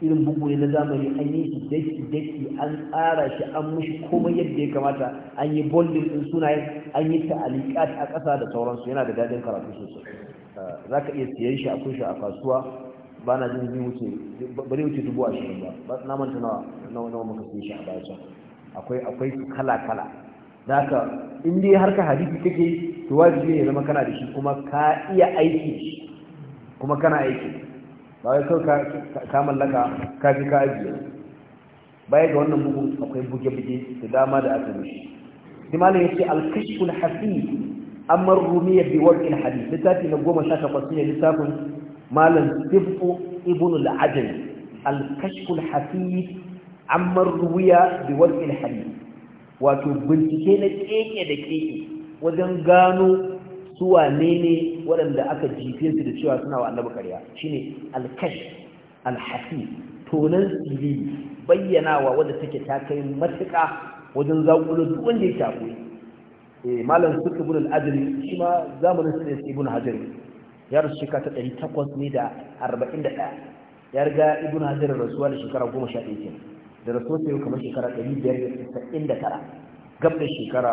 irin bugu na zamani an yi shi daki daki an tsara shi an mushi komai yadda ya kamata an yi boldin din sunaye, an yi ta'alikat a ƙasa da sauransu yana da daɗin karatu sosai eh, za ka iya siyan shi a kunshi a kasuwa ba na jin zai wuce ba wuce dubu ashirin ba na manta nawa nawa muka siya shi a baya akwai akwai kala kala da in dai harka hadisi kake to wajibi ne zama kana da shi kuma ka iya aiki kuma kana aiki ba wai kawai ka mallaka ka ka ajiye baya ga wannan bugu akwai buge-buge da dama da aka mishi timalin yace al-kashful hafiz amma rumiya bi waqil hadith littafi na 18 ne littafin malam tifu ibn al-ajli al-kashful hafiz amma rumiya bi waqil hadith wato bincike na keke da keke wajen gano suwa wane ne waɗanda aka jife su da cewa suna wa annabi ƙarya shine alkash alhafi tonan sirri bayyanawa wadda take ta kai matuƙa wajen zaƙulo duk wanda ya shafi eh malam suka bin al'adari shi ma zamanin su ne ibn hajar ya rasu shekara ta ɗari takwas ne da arba'in da ɗaya ya riga ibn hajar rasuwa da shekara goma sha ɗaya kenan da rasu sai kamar shekara 599 gab da shekara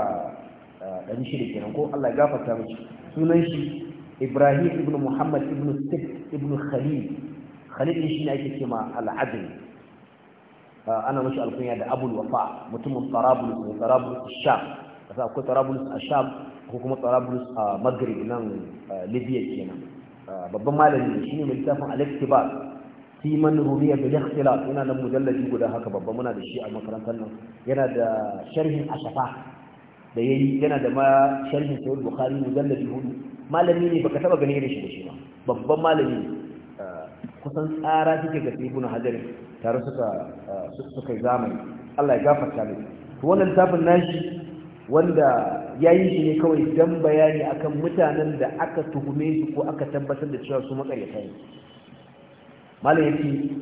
600 eh, kenan ko Allah ya gafarta mishi sunan shi Ibrahim ibn Muhammad ibn Sid ibn Khalid Khalil shi ne ake cewa al-Adl eh, ana mashi alkunya da Abul Wafa mutumin Tarabulus ne Tarabulus Sham kasa akwai Tarabulus a Sham ko kuma Tarabulus a Maghrib nan eh, Libya kenan babban malami shine mai littafin Al-Iktibar fi man rumiya bil ikhtilaf yana guda haka babba muna da shi a makarantar nan yana da sharhin ashafa da yayi yana da ma sharhin sahih bukhari mujalladi hudu malami ne baka taba gani da shi da shi ba babban malami eh, kusan tsara kike ga ibn hajar tare suka eh, suka zamani Allah ya gafarta mai wannan tafin nashi wanda yayi shi ne kawai dan bayani akan mutanen da aka tuhume su ko aka tabbatar da cewa su makaryata ne malam yake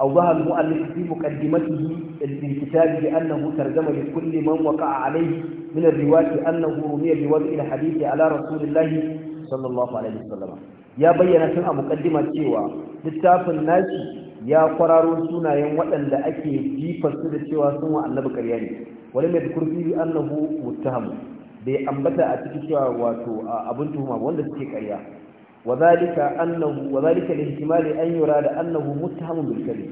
أوضح المؤلف في مقدمته الكتاب بأنه ترجم لكل من وقع عليه من الرواية أنه رمي بوضع الحديث على رسول الله صلى الله عليه وسلم يا بينا سنة مقدمة سوى لتاف الناس يا قرار سنة ينوأن لأكي في فسد سوى سوى النبي كرياني ولم يذكر فيه أنه متهم بأنبت أتكي سوى واتو أبنتهما وندسكي كرياني وذلك أنه وذلك لاحتمال أن يراد أنه متهم بالكذب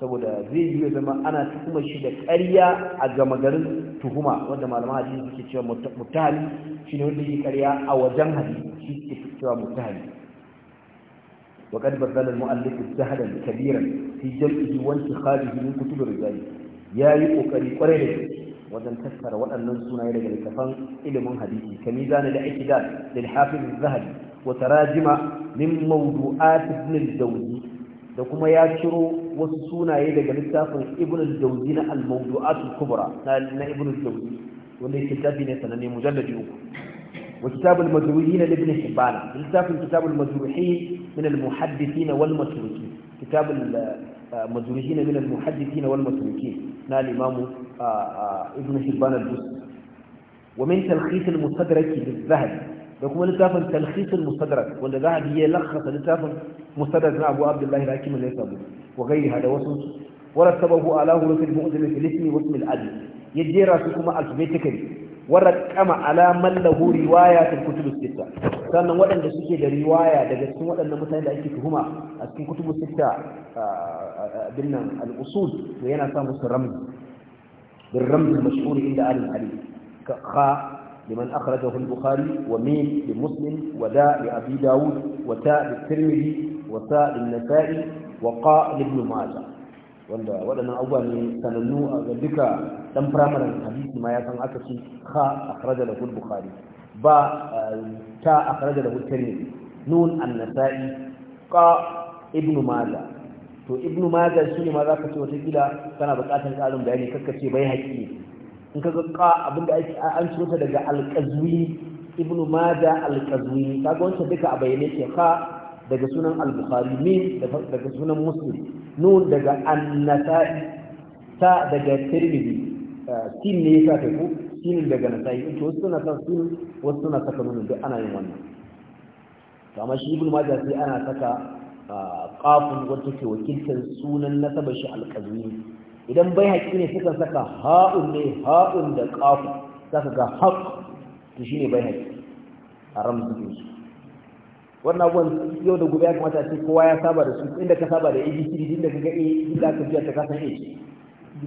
saboda zai yi ya zama ana tuhumar shi da ƙarya a gama garin tuhuma wanda malama hadisi suke cewa mutahali shi ne wanda yi ƙarya a wajen hadisi shi suke cewa mutahali wa qad bazala al-mu'allif sahlan kabiran fi jam'i wa intikhadihi min kutub ar-rijal yayi kokari kwarai da wajen tattara waɗannan sunaye daga littafan ilimin hadisi kamizan da ikidal lil hafiz az-zahabi wa min mawdu'at ibn al-jawzi da kuma ya ciro wasu sunaye daga littafin ibn al-jawzi na al-mawdu'at al-kubra na ibn al-jawzi wanda yake tafi ne sananne mujalladi uku wa kitab al-majruhin ibn hibban littafin kitab al-majruhin min al-muhaddithin wal matrukin kitab al-majruhin eh, min al-muhaddithin wal matrukin na al-imam eh, eh, ibn hibban al-busti ومن تلخيص المستدرك da kuma littafin talhisul mustadrak wanda za a biye lakhasa littafin mustadrak na abu abdullahi da hakimin ya samu wa gairi hada wasu wara sababu alahu hurufin mu'zil fil ismi wa ismil adl ya jera su kuma alphabetically wara kama ala man lahu riwayatul kutubus sitta sannan waɗanda suke da riwaya daga cikin waɗannan mutane da ake tuhuma a cikin kutubus sitta bin nan al-usul to yana samu su ramzi bil ramzi mashhur inda alim ali ka لمن أخرجه البخاري وميم لمسلم وداء لأبي داود وتاء للترمذي وتاء للنسائي وقاء لابن ماجه wanda waɗannan abubuwa ne sanannu a duka ɗan firamarin hadisi ma ya san aka ce ha a kharaja da hul bukhari ba ta a kharaja da hul nun annasai ka ibnu maza to ibnu maza shine ma zaka ce wata kana buƙatar ƙarin bayani ce bai haƙi in ka ga abinda ake an ciro ta daga alqazwini ibnu majah alqazwini kaga wancan duka a bayyane ke ka daga sunan al-bukhari min daga sunan muslim nun daga Annasai, ta daga tirmidhi eh, sin ne ya sa ku sin daga nasa'i to wasu suna sa sin wasu suna saka nun duk ana yin wannan to amma shi ibnu majah sai ana saka qafun ah, wanda ke wakiltar sunan nasabar shi al-qazwini idan bai haƙi ne suka saka ha'un ne ha'un da ƙafu saka ga haƙ to shi ne bai haƙi a ramzin su wannan abuwan yau da gobe ya kamata ce kowa ya saba da su inda ka saba da abcd din ka ga a inda ka biya ta kasan a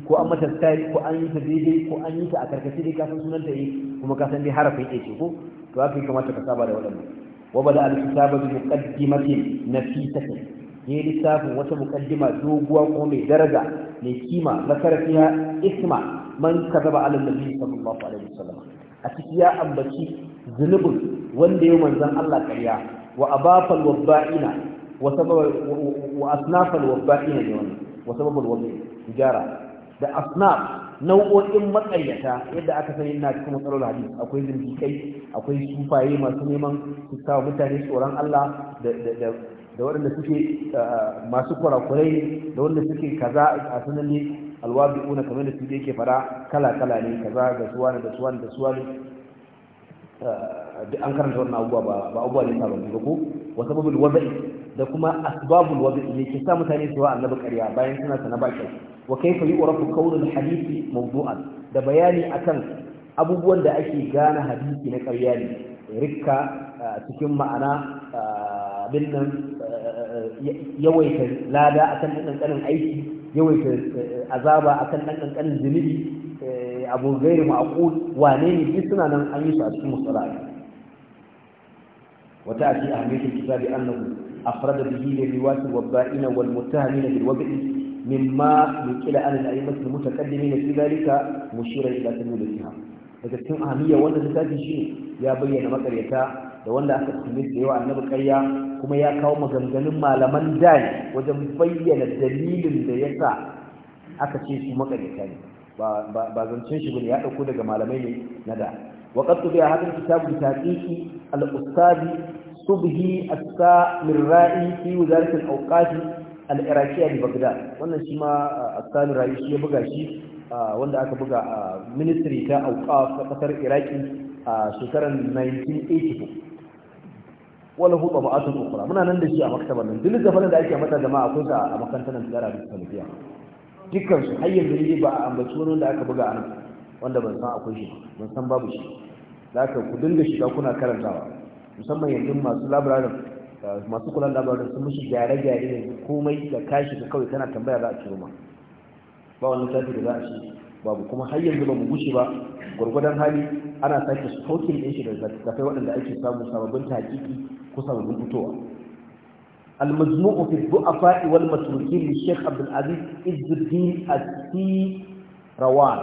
ko an mata tsari ko an yi ta daidai ko an yi ta a karkashin dai kasan sunan ta yi kuma kasan dai harafin a ce ko to haka ya kamata ka saba da waɗannan wa bada al na bi muqaddimatin nafitatin ya yi lissafin wata mukaddima doguwa ko mai daraja mai kima na karfiya isma man kazaba alal nabi sallallahu alaihi wasallam a ciki ya ambaci zunubin wanda ya manzon Allah ƙarya wa abafal wabba'ina wa sabab wa asnafal wabba'ina ne wannan wa sababul wabbi tijara da asnaf nau'o'in matsayyata yadda aka sani ina cikin matsalar hadisi akwai zindikai akwai sufaye masu neman su mutane tsoron Allah da da waɗanda suke masu kurakurai da waɗanda suke kaza a alwabi, alwabi'una kamar da suke yake fara kala-kala ne kaza ga suwani da suwani da suwani duk an karanta wannan abubuwa ba abubuwa ne sababbi ba ko wa sababul wada'i da kuma asbabul wada'i ne ke sa mutane su wa annabi ƙarya bayan suna sana ba kyau wa kaifa yu'rafu qawlul hadisi mawdu'an da bayani akan abubuwan da ake gane hadisi na ƙarya ne rikka cikin ma'ana abin nan eh, eh, eh, yawaita lada akan ɗan ƙanƙanin aiki yawaita azaba akan ɗan ƙanƙanin zunubi abu gairi ma'aqul wane ne duk suna nan an yi su a cikin musala wata a cikin ahmadin kitabi annahu afrada bihi da riwati wabba'ina wal mutahamina bil wab'i mimma yuqila an al a'immat al mutaqaddimin fi dhalika mushiran ila tanwilha daga cikin ahmiya wanda littafi shi ya bayyana makaryata da wanda aka tsume da yawa annabi karya. kuma ya kawo maganganun malaman da wajen bayyana dalilin da ya sa aka ce su makarita ne ba zancen shi bane ya ɗauko daga malamai ne na da kitabu ustadi subhi asqa min ra'i fi wazarat al في al الأوقات bi ببغداد wannan shi ma ah, ra'i shi ya buga shi ah, wanda aka buga a ministry ta awqaf ta kasar Iraki a ah, shekarar 1984 wala hu tabaatun ukhra muna nan da shi a maktabar nan duk zafarin da ake mata jama'a akwai sa a makarantar nan tsara da salafiya dukkan su har yanzu ba a ambaci wani da aka buga anan wanda ban san akwai shi ban san babu shi zaka ku dinga shiga kuna karantawa musamman yanzu masu labarin masu kula da labarin sun mushi gyare-gyare ne komai da kashi da kawai kana tambaya za a ciro ma ba wani tafi da za a ci babu kuma har yanzu ba mu gushe ba gwargwadon hali ana sake stokin ɗin shi da zakafai waɗanda ake samu sababbin taƙiƙi ko sababbin fitowa المجموع في الضعفاء والمتروكين للشيخ عبد العزيز عز الدين السيروان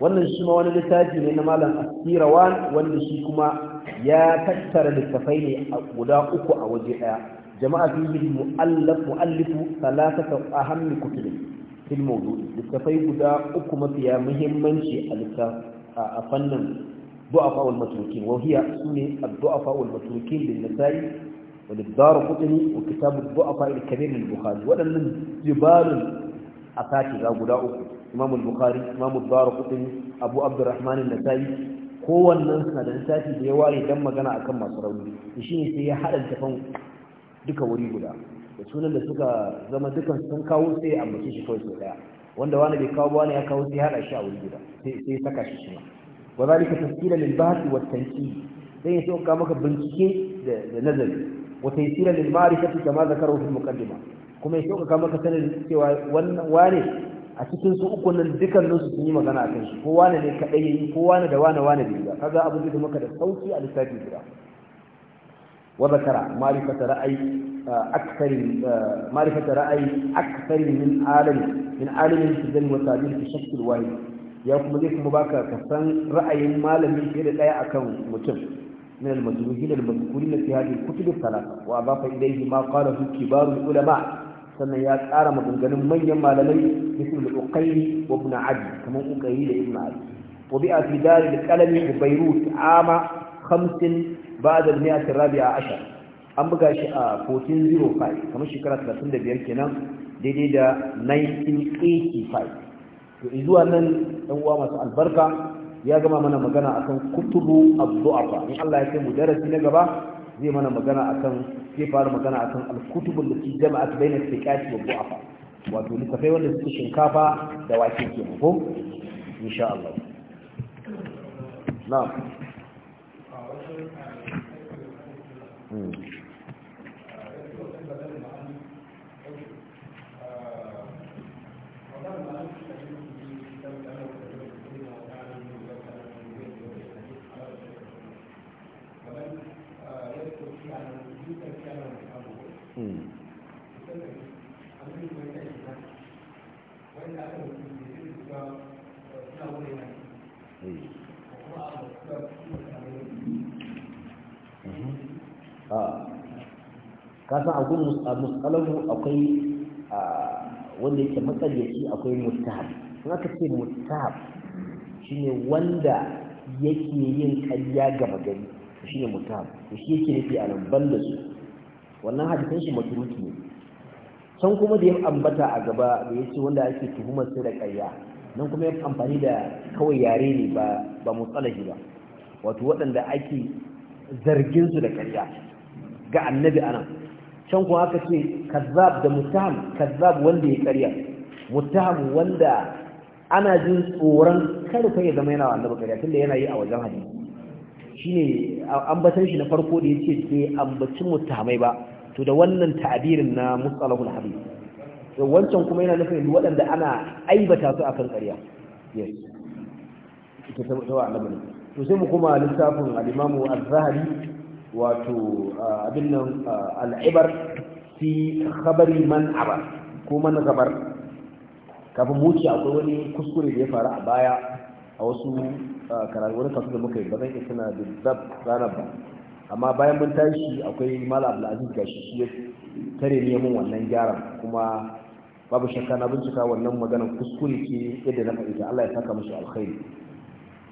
wannan shi ma wani littafi ne na malam asirawan wanda shi kuma ya tattara littafai ne guda uku a waje daya jama'a fihi mu'allaf mu'allifu salatata ahammi kutubi fil mawdu'i littafai guda uku mafiya muhimmanci a a fannin du'afa wal matrukin wa hiya sunni ad-du'afa wal matrukin lin nasai wa lid-darqutni wa kitab ad-du'afa al-kabir lil-bukhari wadannan jibalun asati ga guda uku imam al-bukhari imam ad-darqutni abu abdurrahman an-nasai kowannen suna da littafi da ya ware dan magana akan masu rauni shi ne sai ya haɗa tafan duka wuri guda da sunan da suka zama dukan sun kawo sai a mace shi kawai sau daya wanda wani bai kawo wani ya kawo sai hada shi a wuri gida sai saka shi shima wa zalika tafsila lil bahthi wat tanqi sai yaso ka maka bincike da nazari wa taysira lil ma'rifati kama zakaru fil muqaddima kuma yaso ka maka sanin cewa wannan wane a cikin su uku nan dukan nan sun yi magana akan shi ko wane ne kadai yi ko wane da wane wane bai ba kaga abin da maka da sauki a lissafi guda wa zakara ma'rifata ra'ayi أكثر معرفة رأي أكثر من عالم من عالم في الزن والتعبير في الشكل الواحد يا كما ذيك مباكا كسان رأي مالم من كير الآية أكون متم من المجروحين المذكورين في هذه الكتب الثلاثة وأضاف إليه ما قاله كبار العلماء sannan ya ƙara maganganun manyan malamai misal uqayli wa ibn adi kamar uqayli da ibn adi wa bi fi dar al-qalami bi beirut ama 5 ba'da al-mi'ah ar-rabi'a 10 an buga shi a 1405 kamar shekara 35 kenan daidai da 1985 to zuwa nan ɗan uwa masu albarka ya gama mana magana akan kuturu abdu'afa in Allah ya kai mu darasi na gaba zai mana magana akan zai fara magana akan al-kutubul lati jama'at bayna al-thiqati wa du'afa wato littafai wanda suke shinkafa da wake ke ko insha Allah na'am hmm. Hmm. Ah. kasan a gudun musalahu akwai wanda yake matsalaci akwai mustahab kuma ka ce mustahab shine wanda yake yin ƙarya gama gari shine mustahab shi yake nufi a nan ban da su wannan hadisin shi maturuki ne can kuma da ya ambata a gaba da ya ce wanda ake tuhumar sai da ƙarya nan kuma ya amfani da kawai yare ne ba ba mutsalahi ba wato waɗanda ake zargin su da ƙarya ga annabi anan can kuma aka ce kazzab da mutam kazzab wanda ya ƙarya mutam wanda ana jin tsoron kar kai ya zama yana annabi ƙarya tunda yana yi a wajen hadisi shine ambatan shi na farko da yace ke ambacin mutamai ba to da wannan ta'abirin na musalahul habib to wancan kuma yana nufin waɗanda ana aibata su akan ƙarya yes ita ta tawa to sai mu kuma lissafin al-imamu az-zahabi wato abin nan al-ibar fi khabari man abar ko man gabar kafin mu ci akwai wani kuskure da ya faru a baya a wasu karatu wani kasu da muka yi ba zan iya suna da ranar ba amma bayan mun tashi akwai mala abdulaziz ga shi ya tare ne mun wannan gyaran kuma babu shakka na bincika wannan maganar kuskure ke yadda na faɗi Allah ya saka mashi alkhairi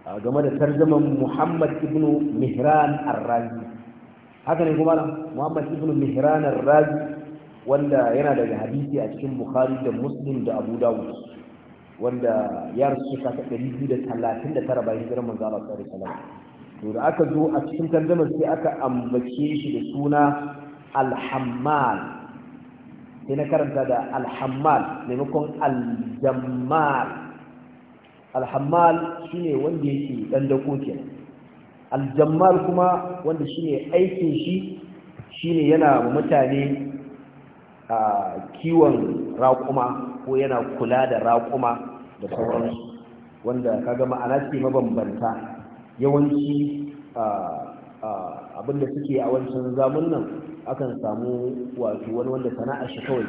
A game da tarjaman Muhammad ibn Mihran Ar-Razi haka ne kuma Muhammad ibn Mihran Ar-Razi wanda yana daga hadisi a cikin Bukhari da Muslim da Abu Dawud wanda ya rasu talatin da tara bayan hijirar manzo Allah sallallahu alaihi wasallam to da aka zo a cikin tarjumar sai aka ambace shi da suna alhammal sai na karanta da alhammal maimakon aljammal Alhammal al shine wanda yake dan dako kenan aljammal kuma wanda shine aikin shi shine yana mutane a kiwon raƙuma ko yana kula da raƙuma da sauransu wanda kaga ma'ana ce mabambanta yawanci da suke a wancan zamun nan akan samu wato wani wanda sana'a shi kawai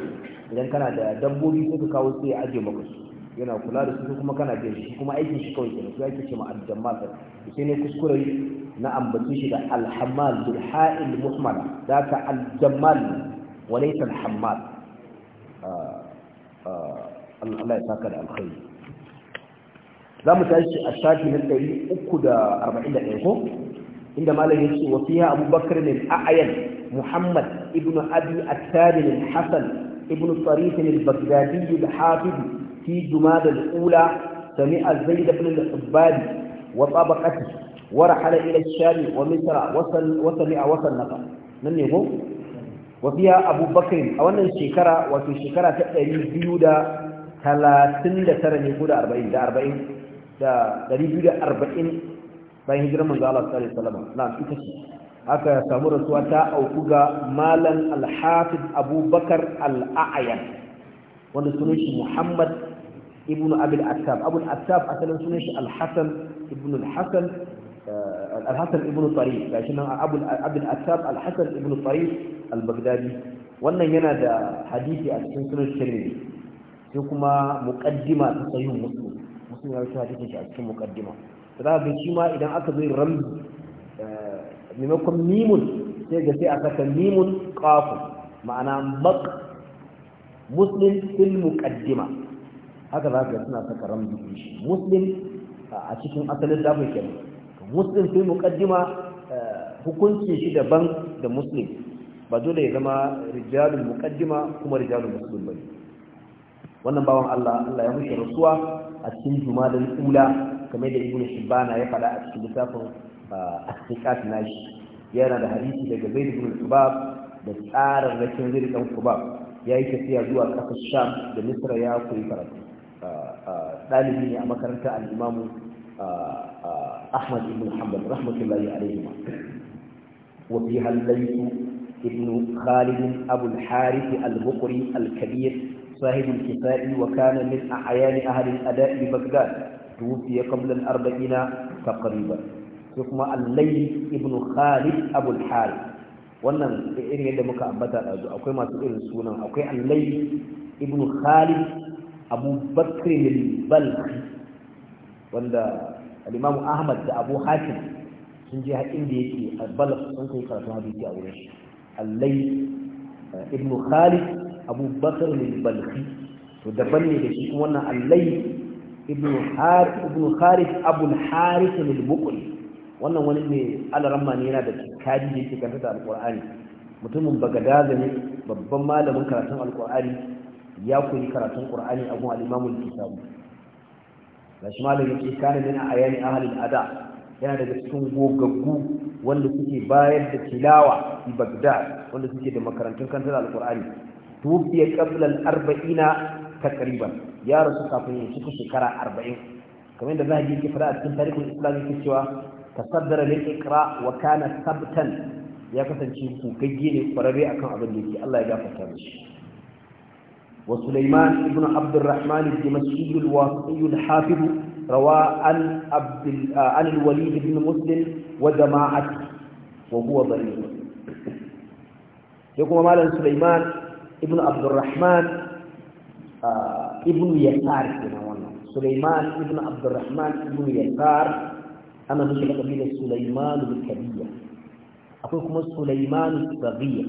idan kana da dabbobi ka kawo sai ya aje maka su yana kula da su kuma kana biyan shi kuma aikin shi kawai kenan su ake ce ma'addan masar sai ne kuskure na ambaci shi da alhammal bil ha'il muhmala da ka aljammal wa laysa alhammal Allah ya saka da alkhairi za mu tashi a shafi na ɗari uku da arba'in da ɗaya ko inda malam ya ce wa fiha abubakar ne a'ayan muhammad ibnu abi at-tabi hasan ibnu sarif al-baghdadi da hafiz fi jumada al-ula سمع زيد بن الحباب وطبقته ورحل إلى الشام ومصر وصل وسمع وصل Abubakar a wannan shekara wato shekara ta ɗari biyu da talatin da tara ثلاثين دسر da arba'in da arba'in. da 240 bayan hijirar manzo Allah sallallahu alaihi wasallam na ita ce aka samu rasuwa ta auku ga malam al-hafiz abubakar al-a'yan wanda sunan shi muhammad ibnu abil attab abul attab asalin sunan shi al-hasan ibnu al-hasan eh, al-hasan ibnu tariq gashi nan abul abil attab al-hasan ibnu tariq al-baghdadi wannan yana da hadisi a cikin sunan tirmidhi sai kuma muqaddima ta sahih muslim muslim ya rawaito hadisin shi a cikin muqaddima to za ga shi ma idan aka zo ramzi eh, maimakon mimun sai ga sai a saka mimun kafu, ma'ana maq muslim fil muqaddima haka za ka suna saka ramzi shi muslim a cikin asalin dafin kenan muslim fil muqaddima eh, hukuncin shi daban da muslim ba dole ya zama rijalul muqaddima kuma rijalul muslim bane wannan bawan Allah Allah ya mushi rasuwa a cikin jumalin ula kamar da ibn shibana ya faɗa a cikin littafin asikat nashi yana da hadisi daga zaid ibn kubab da tsarin rakin zaid ibn kubab ya yi tafiya zuwa ƙasar sham da misra ya koyi karatu ɗalibi ne a makaranta al'imamu ahmad ibn hanbal rahmatullahi alaihi wa fi hallaitu ibn khalid abul harith al-bukhari al-kabir صاحب الكسائي وكان من أحيان أهل الأداء ببغداد توفي قبل الأربعين تقريبا ثم الليل ابن خالد أبو الحارث wannan irin yadda muka ambata ɗazu akwai masu irin sunan akwai allai ibn khalid abu bakr balhi wanda al'imamu ahmad da abu hakim sun je inda da yake albalaf sun kai karatu hadisi a wurin allai ibn khalid abu bakar balfi to daban ne da shi kuma wannan allai ibn harith abul harith al buqri wannan wani ne alaramma ne yana da kadi da yake kanta alqur'ani mutumin bagadaza ne babban malamin karatun alkurani ya koyi karatun qur'ani abu al-imam al-kisabi gashi malamin yake kana a ayani ahli al-ada yana daga cikin gogaggu wanda suke bayar da tilawa a Baghdad wanda suke da makarantun kantar Al-Qur'ani tuwfiya qabla al-arba'ina takriban ya rasu kafin ya cika shekara arba'in. kamar da zahabi yake fara a cikin tarihin islam yake cewa tasaddara lil iqra wa kana sabtan ya kasance kokagge ne kwararre akan abin da yake Allah ya gafarta mishi wa Sulaiman ibn Abdurrahman al-Dimashqi al-Waqi al-Hafiz rawa an Abd ah, an al-Walid ibn Muslim wa jama'at wa huwa dhalil sai kuma malam Sulaiman ibn abdurrahman ibn yasar kenan wannan sulaiman ibn abdurrahman ibn yasar ana mishi da kabilar sulaiman al-kabir akwai kuma sulaiman al-saghir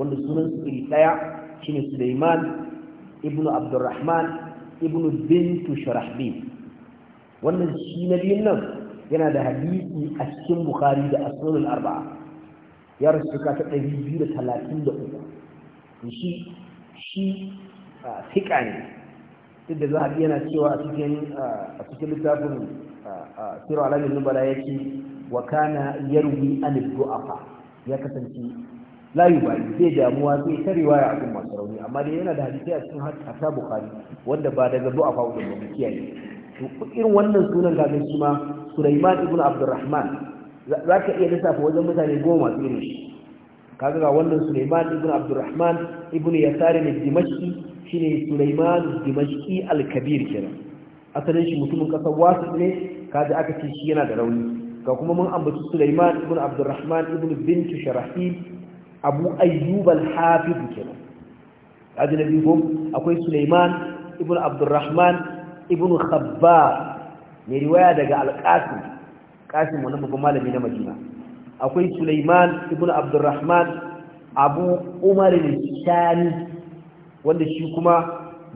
wanda sunan su iri daya shine sulaiman ibn abdurrahman ibn bint shurahbin wannan shi na biyun nan yana da hadisi a cikin bukhari da asnul arba'a ya rasu ka ta 233 shi shi fiƙa ne duk da zahabi yana cewa a cikin a cikin littafin sirru alamin nubala ya ce wa kana yarwi an du'afa ya kasance layu ba zai damuwa zai ta riwaya abin masu rauni amma dai yana da hadisi a cikin hatta bukhari wanda ba daga du'afa wajen ba mu kiyaye to irin wannan sunan ga shi ma Sulaiman ibn Abdurrahman za ka iya lissafa wajen mutane goma su irin shi kaga ga wannan Sulaiman ibn Abdurrahman ibn Yasar al-Dimashqi shine Sulaiman al-Dimashqi al-Kabir kenan asalin shi mutumin kasar Wasit ne kaga aka ce shi yana da rauni ga kuma mun ambaci Sulaiman ibn Abdurrahman ibn Bint Sharahil Abu Ayyub al-Hafiz kenan kaga nabi akwai Sulaiman ibn Abdurrahman ibn Khabbab ne riwaya daga al-Qasim Qasim wannan babban malami na Madina akwai Sulaiman ibn Abdurrahman Abu Umar al wanda shi kuma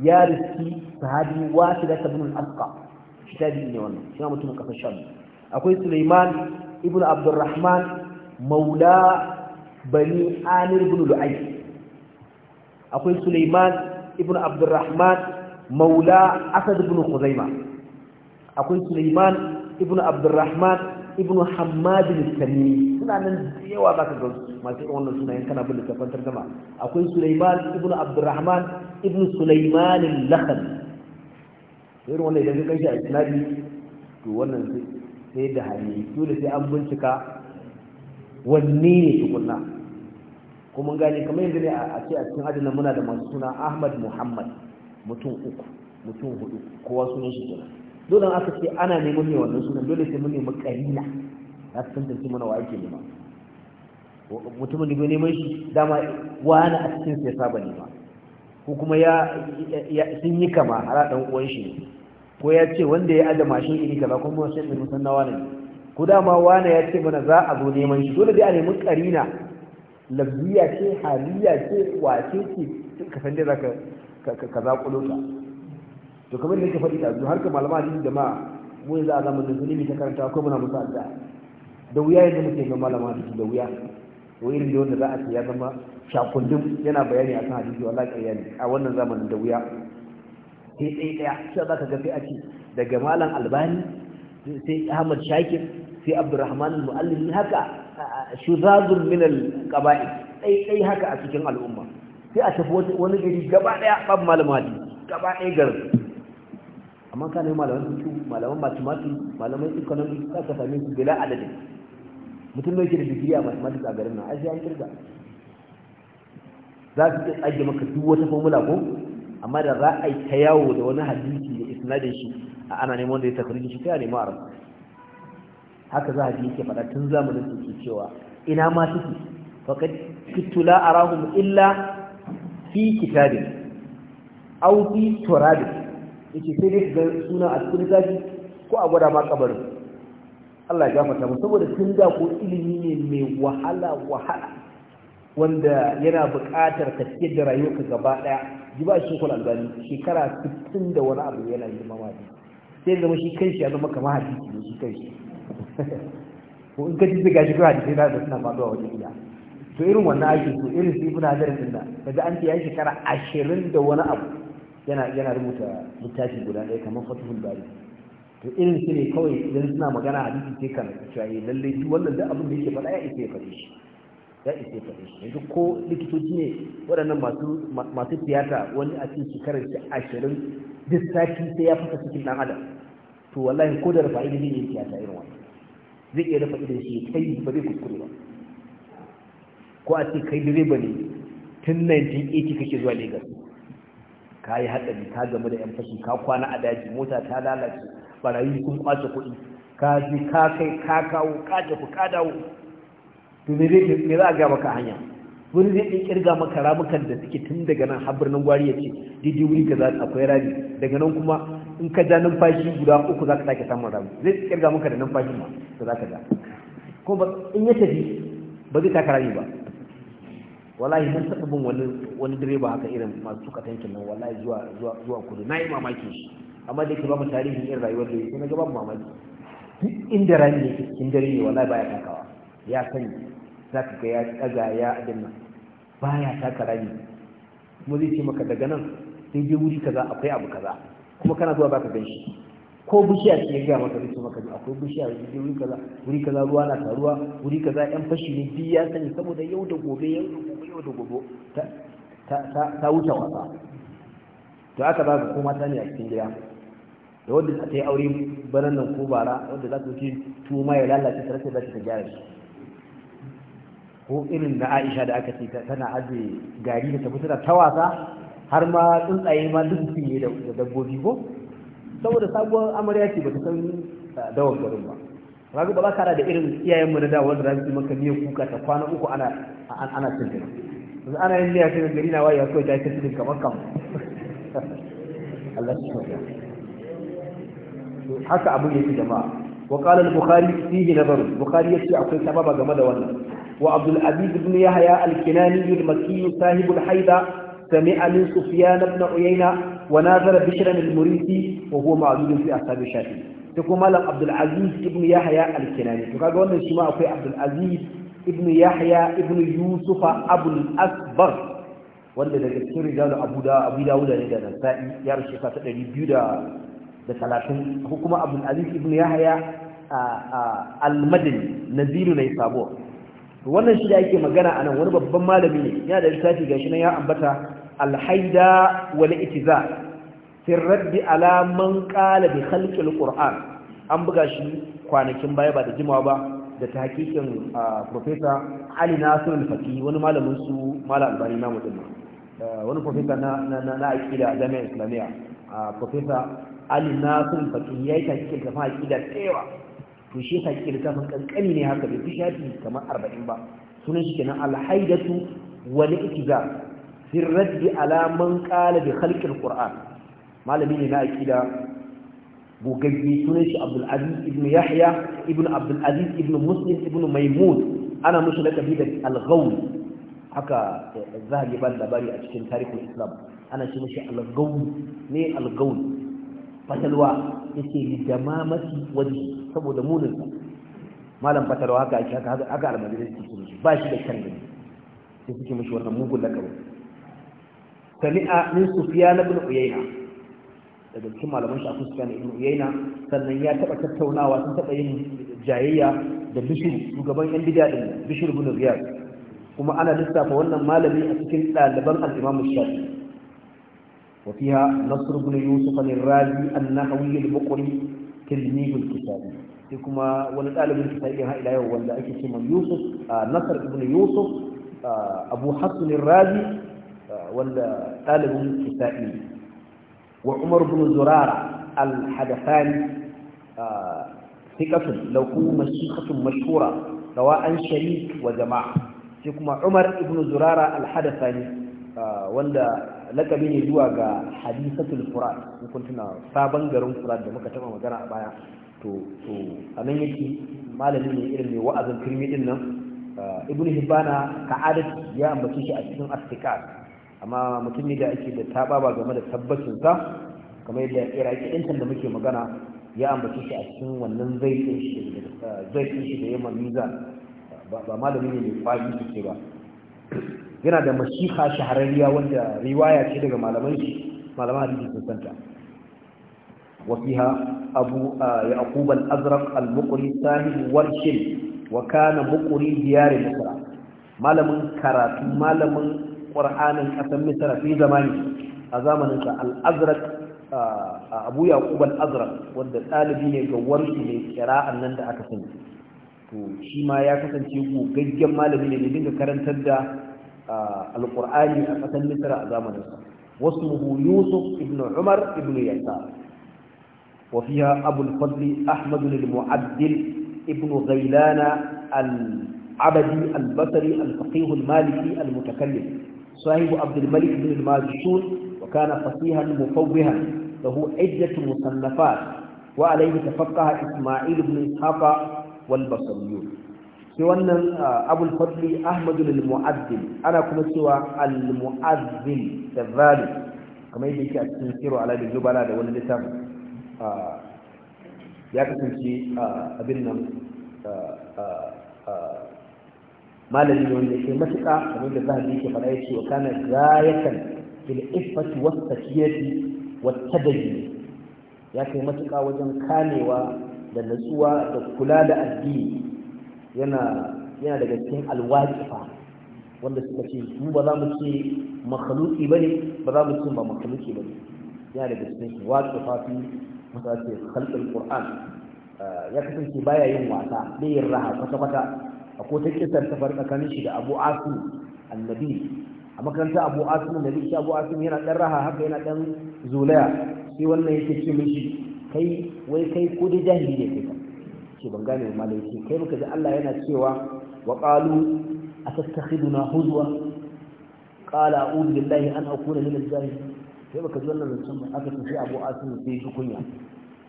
ya riski sahabi Wasila ibn al-Asqa shi ne wannan shi akwai Sulaiman ibn Abdurrahman maula bani Amir ibn Lu'ai. akwai Sulaiman ibn Abdurrahman maula Asad ibn Khuzaimah akwai Sulaiman ibn Abdurrahman ibn hammadin tamimi suna nan da yawa za ka ga masu irin wannan sunayen kana bin littafin tarjama akwai sulaiman ibn abdurrahman ibn sulaiman al-lakhal irin wannan idan ka kai shi a isnadi to wannan sai da hali dole sai an bincika wanne ne tukunna kuma gane kamar yadda ne a ce a cikin adana muna da masu suna ahmad muhammad mutum uku mutum hudu kowa sunan shi kenan dole aka ce ana neman mai wannan sunan dole sai mun nemi kalila za su tantance mana wa ake nema mutumin da neman shi dama wani a cikin sai saba nema ko kuma ya sun yi kama har dan uwan shi ko ya ce wanda ya aje mashin iri kaza kuma sai mun san nawa ne ko dama wani ya ce mana za a zo neman shi dole dai a nemi karina lafiya ce haliya ce wace ce ka san dai zaka ka zakulo ta to kamar da yake faɗi da har ka malama hadisi jama'a mu yanzu a zamanin sun nemi ta karanta ko muna musu addu'a da wuya yadda muke ga malama hadisi da wuya to irin da wanda za a ce ya zama shakundin yana bayani akan hadisi wallahi ƙarya ne a wannan zamanin da wuya sai ɗaya ɗaya sai za ka gafe a ce daga malam albani sai ahmad shakir sai abdurrahman al-muallimi haka shuzazun min al-qaba'i ɗai ɗai haka a cikin al'umma sai a tafi wani gari gaba ɗaya babu malama hadisi gaba ɗaya garin amma ka ne malaman su malaman mathematics malaman economics za ka sami su bila adadi mutum mai da digiri a mathematics a garin nan ai sai an kirga za su iya tsage maka duk wata formula ko amma da za a yi ta yawo da wani hadisi da isnadin shi a ana neman wanda ya takarji shi kai a nema a haka za a ji yake faɗa tun zamanin su ke cewa ina ma suke fakat kitula la arahum illa fi kitabin aw fi turabin yake sai dai ga suna a cikin gaji ko a gwada ma kabarin Allah ya gafarta mu saboda tun da ko ilimi ne mai wahala wahala wanda yana buƙatar ka cike da rayuwarka gaba ɗaya ji ba shi kula albani shekara 60 da wani abu yana yi mamaki sai zama shi kanshi ya zama kamar hadisi ne shi kanshi ko in ka ji zai gashi ko hadisi na da suna faɗuwa wajen gida to irin wannan aikin to irin su ibn hajar din da an ce ya shekara 20 da wani abu yana yana rubuta littafi guda ɗaya kamar fatihul bari to irin su ne kawai idan suna magana hadisi sai kan shaye lalle shi wannan da abin da yake faɗa ya isa ya faɗi shi ya isa ya faɗi shi yanzu ko likitoci ne waɗannan masu masu tiyata wani a cikin shekarar shi ashirin duk sati sai ya fasa cikin ɗan adam to wallahi ko da rafa'i ne zai yi tiyata irin wannan zai iya rufa idan shi kai ba zai kuskure ba ko a ce kai direba ne tun 1980 kake zuwa Lagos ka yi haɗari ka gamu da yan fashi ka kwana a daji mota ta lalace barayi kun kwace kuɗi ka je ka kai ka kawo ka tafi ka dawo to me zai za a gaya maka hanya wani zai iya kirga maka ramukan da suke tun daga nan har birnin gwari ya ce didi wuri kaza akwai rami daga nan kuma in ka ja numfashi guda uku za ka sake samun rami zai kirga maka da numfashin ma da za ka ja kuma in ya tafi ba zai taka rami ba wallahi mun taɓa bin wani wani direba haka irin masu tuka tankin nan wallahi zuwa zuwa zuwa kudu na yi mamaki shi amma da yake ba mu tarihin irin rayuwar da yake na ga babu mamaki inda rani ne cikin dare ne wallahi baya takawa ya sani za ka ga ya tsaga ya adin nan baya taka rani kuma zai ce maka daga nan sai je wuri kaza akwai abu kaza kuma kana zuwa baka gan shi ko bishiya ce ya gaya maka zai ce maka akwai bishiya da je wuri kaza wuri kaza ruwa na taruwa wuri kaza yan fashi ne biyu ya sani saboda yau da gobe yau da ta gobe ta wuce wasa to aka ba ka koma ta ne a cikin gida da wadda ta yi aure baran nan ko bara wadda za ta ce tuma ya lalace ta rasa za ta gyara shi ko irin na aisha da aka ce tana aje gari da tafi tana ta wasa har ma tsuntsaye ma duk su ne da dabbobi ko saboda sabuwar amarya ce ba ta san ah, dawon garin ba ragu ba za ka da irin iyayenmu na dawar da yi maka miyar kuka ta kwana uku ana ana cin yanzu ana yin liya sai gari na wayewa kawai ta yi tasirin kamar kan Allah shi ne haka abu yake jama'a wa qala al-bukhari fihi nazar bukhari yace akwai sababa game da wannan wa abdul aziz ibn yahya al-kinani al-makki sahib al-haida سمع من سفيان بن عيينة وناظر بشرا المريسي وهو معدود في أصحاب الشافعي تكون مالك عبد العزيز ابن يحيى الكناني تقول قولنا شما أخي عبد العزيز ibn yahya ibn yusufa abul asbar wanda daga cikin rijalu abu da abu dawuda ne da nasa'i ya rushe ta da ko kuma abul aziz ibn yahya al-madani naziru ne sabo wannan shi da ake magana anan wani babban malami ne yana da littafi gashi nan ya ambata al-haida wal itiza fi raddi ala man qala bi khalqi al-qur'an an buga shi kwanakin baya ba da jimawa ba da tahqiqin Profesa Ali Nasir al-Faqi wani malamin su Malam Albani na mutum wani Profesa na na na aqida jami'a islamiyya Profesa Ali Nasir al-Faqi yayi tahqiqin kafa aqida tsewa to shi yasa kike littafin kankani ne haka bai shafi kamar 40 ba sunan shi kenan al-haidatu wal ittizar fi raddi ala man qala bi khalqi al-Qur'an malami ne na aqida بوجي سنيش عبد العزيز ابن يحيى ابن عبد العزيز ابن مسلم ابن ميمون انا مش لك بيدك الغول حكى الذهبي بن دباري اشكن تاريخ الاسلام انا شو مش الغول ني الغول فتلوى يسي لجماعة مسي ودي سبو دمون الله ما لم فتلوى حكى اشي حكى هذا اقع لما بيدك تسولوش باشي بيشنجن سيكي مش ورنا موقول لك سمع من سفيان بن عيينه daga cikin malaman shi akwai sufyan ibn uyayna sannan ya taba tattaunawa sun taba yin jayayya da bishir shugaban yan bid'a din bishir ibn riyad kuma ana lissafa wannan malami a cikin ɗaliban al-imam shafi wa fiha nasr ibn yusuf al-razi an al-buqri tilmid al-kitabi sai kuma wani ɗalibin kitabi ha ila yau wanda ake cewa yusuf nasr ibn yusuf abu hasan al-razi wanda ɗalibin kitabi wa umar bin zurara al-hadathani ah, thiqatun lahu mashikatun mashhura rawa an sharik wa jama'a sai kuma umar ibn zurara al-hadathani ah, wanda lakabi ne zuwa ga hadisatul furat kun tuna sabon garin furat da muka taba magana a baya to to anan yake malami ne irin mai wa'azin firmi din nan ah, Hibbana hibana ka'adat ya ambace shi a cikin astiqat amma mutum da ake da taɓa ba game da tabbacinsa kamar yadda iraki ɗintan da muke magana ya ambace shi a cikin wannan zai ɗin shi da yamma miza ba malami ne mai kwari ce ba yana da mashiha shahararriya wanda riwaya ce daga malaman shi malaman hadisi sun santa وفيها Azraq يعقوب الأزرق المقري Wakana ورش وكان مقري malamin karatu malamin ƙur'anin ƙasar misra fi zamani a zamaninsa al'azrak abu yaqub al-azrak wanda ɗalibi ne ga warshi ne kira'an nan da aka sani to shi ma ya kasance gogaggen malami ne dinga karantar da alqur'ani a ƙasar misra a zamaninsa wasmuhu yusuf ibn umar ibn yasa wa fiha abu al-fadl ahmad al-mu'addil ibn ghailana al-abadi al-basri al-faqih al-maliki al-mutakallim صاحب عبد الملك بن الماجشون وكان فصيحا مفوها له عدة مصنفات وعليه تفقه إسماعيل بن إسحاق والبصريون سواء أبو الفضل أحمد المؤذن أنا كما سوى المؤذن كذلك كما يجي أتنكر على الجبلاء ولا لتابع ya kasance abin nan malami ne wanda yake matuƙa kamar da zahabi yake faɗa yake wa kana gayatan fil iffati was taqiyati wat tadabi ya kai matuƙa wajen kamewa da natsuwa da kula da addini yana yana daga cikin alwaqifa wanda suka ce mu ba za mu ce makhluqi bane ba za mu ce ba makhluqi bane yana daga cikin waqifa fi masalatin khalqul qur'an ya kasance baya yin wasa bai yin raha kwata kwata akwai ta kisar ta faru tsakanin shi da abu asim annabi a makaranta abu asim da shi abu asim yana dan raha haka yana dan zolaya sai wannan yake ce mishi kai wai kai ko dai jahili ne kai ce ban gane ba malai ce kai baka ji Allah yana cewa wa qalu atattakhiduna huzwa qala a'udhu billahi an akuna min al-jahilin sai baka ji wannan zancen ba aka tafi abu asim sai shi kunya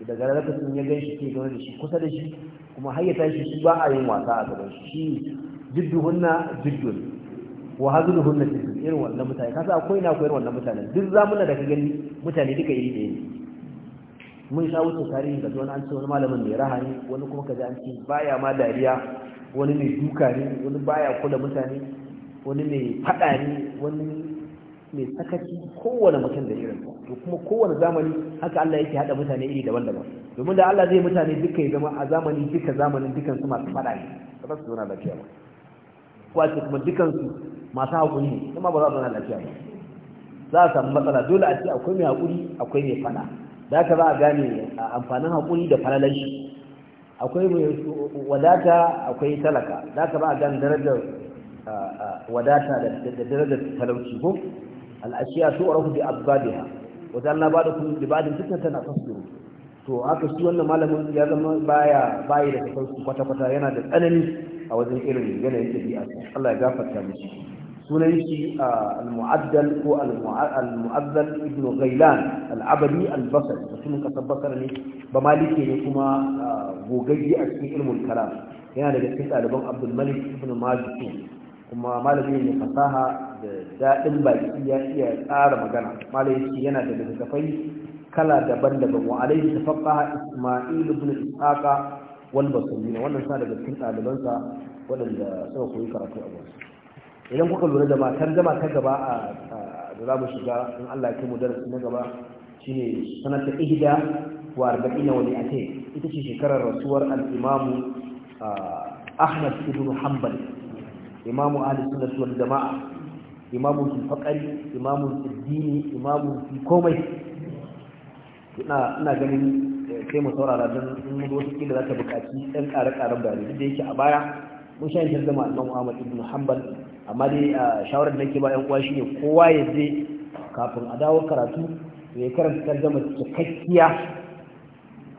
daga ranar sun ya gan shi ke gane da shi kusa da shi kuma hayyata shi su ba a yin wasa a gaban shi shi jidduhunna jiddun wa hunna jiddun irin wannan mutane kasa akwai na akwai wannan mutane duk zamuna da ka gani mutane duka iri da ne mun sha wuce tarihi ga wani an ce wani malamin mai rahani wani kuma kaji an ce baya ma dariya wani mai duka ne wani baya kula mutane wani mai faɗa ne wani mai sakaci kowane mutum da irin to kuma kowane zamani haka Allah yake hada mutane iri daban-daban domin da Allah zai mutane duka ya zama a zamani duka zamanin dukan su masu fada ne ba su zauna lafiya ba kwace kuma dukan su masu hakuri ne kuma ba za su zauna lafiya ba za a samu matsala dole a ce akwai mai hakuri akwai mai fada da haka za a gane amfanin hakuri da falalan shi akwai mai wadata akwai talaka da haka ba a gane darajar ah, ah, wadata da darajar talauci ko al'ashiya su a bi abbabiha wata Allah ba da kuma libadin dukkan tana fasiro to haka shi wannan malamin ya zama baya bayi da kasar su kwata-kwata yana da tsanani a wajen irin yanayin ɗabi'a Allah ya gafarta mishi sunan shi al-mu'addal ko al-mu'addal ibn ghailan al-abadi al-basri mutumin kasar basra ne ba malike ne kuma gogaggi a cikin ilmul kalam yana daga cikin ɗaliban abdul malik ibn majid kuma malamin ne fasaha daɗin baki ya iya tsara magana malai yake yana da littattafai kala daban-daban wa alaihi tafaqqa isma'il ibn ishaqa wal basri wannan sa daga cikin ɗalibansa waɗanda suka koyi karatu a gurin idan kuka lura da matan zama ta gaba a da za mu shiga in Allah ya kai mu darasi na gaba shine sanata ihda wa arba'ina wa mi'atain ita ce shekarar rasuwar al-imamu Ahmad ibn Hanbal imamu ahli sunnah wal jama'a imamun fi faƙari imamun fi dini imamun fi komai ina ganin eh, sai mu saurara don in wasu kila za ta buƙaci ɗan ƙare-ƙaren bayani duk da yake a baya mun sha yin zama imam Muhammad ibn Hanbal amma dai ah, shawarar da nake ba 'yan uwa shine kowa ya je kafin a dawo karatu ya karanta zama cikakkiya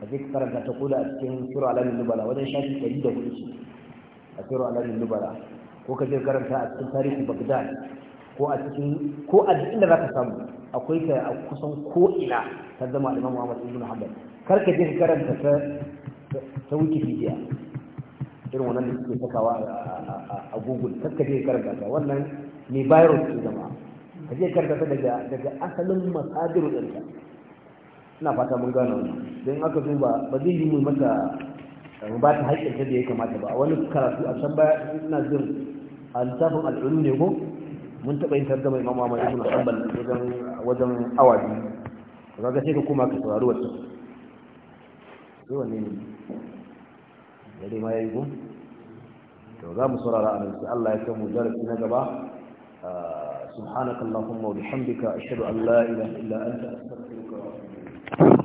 a zai karanta ta koda a cikin sura alamin nubala wajen shafi ɗari da hudu a sura alamin nubala ko ka je karanta a cikin tarihin bagdad ko a cikin ko a duk inda zaka samu akwai ta a kusan ko ina ta zama Imam Muhammad ibn Hanbal kar ka je karanta ta ta Wikipedia irin wannan da suke sakawa a Google kar ka je karanta ta wannan ne virus ke zama ka je karanta ta daga daga asalin masadiru ɗinta ina fata mun gano wannan don aka duba ba zai yi mu mata ba ta haƙƙin ta da ya kamata ba a wani karatu a can baya ina jin a littafin al'ulu ne ko mun taɓa yin targama imam Ahmad ibn Hanbal wajen awa biyu ga sai ka koma ka saurari wata sai wanne ne dare ma yayi gum to za mu saurara anan sai Allah ya kai mu darasi na gaba ah, subhanakallahumma wa bihamdika ashhadu an la ilaha illa anta astaghfiruka wa atubu ilayk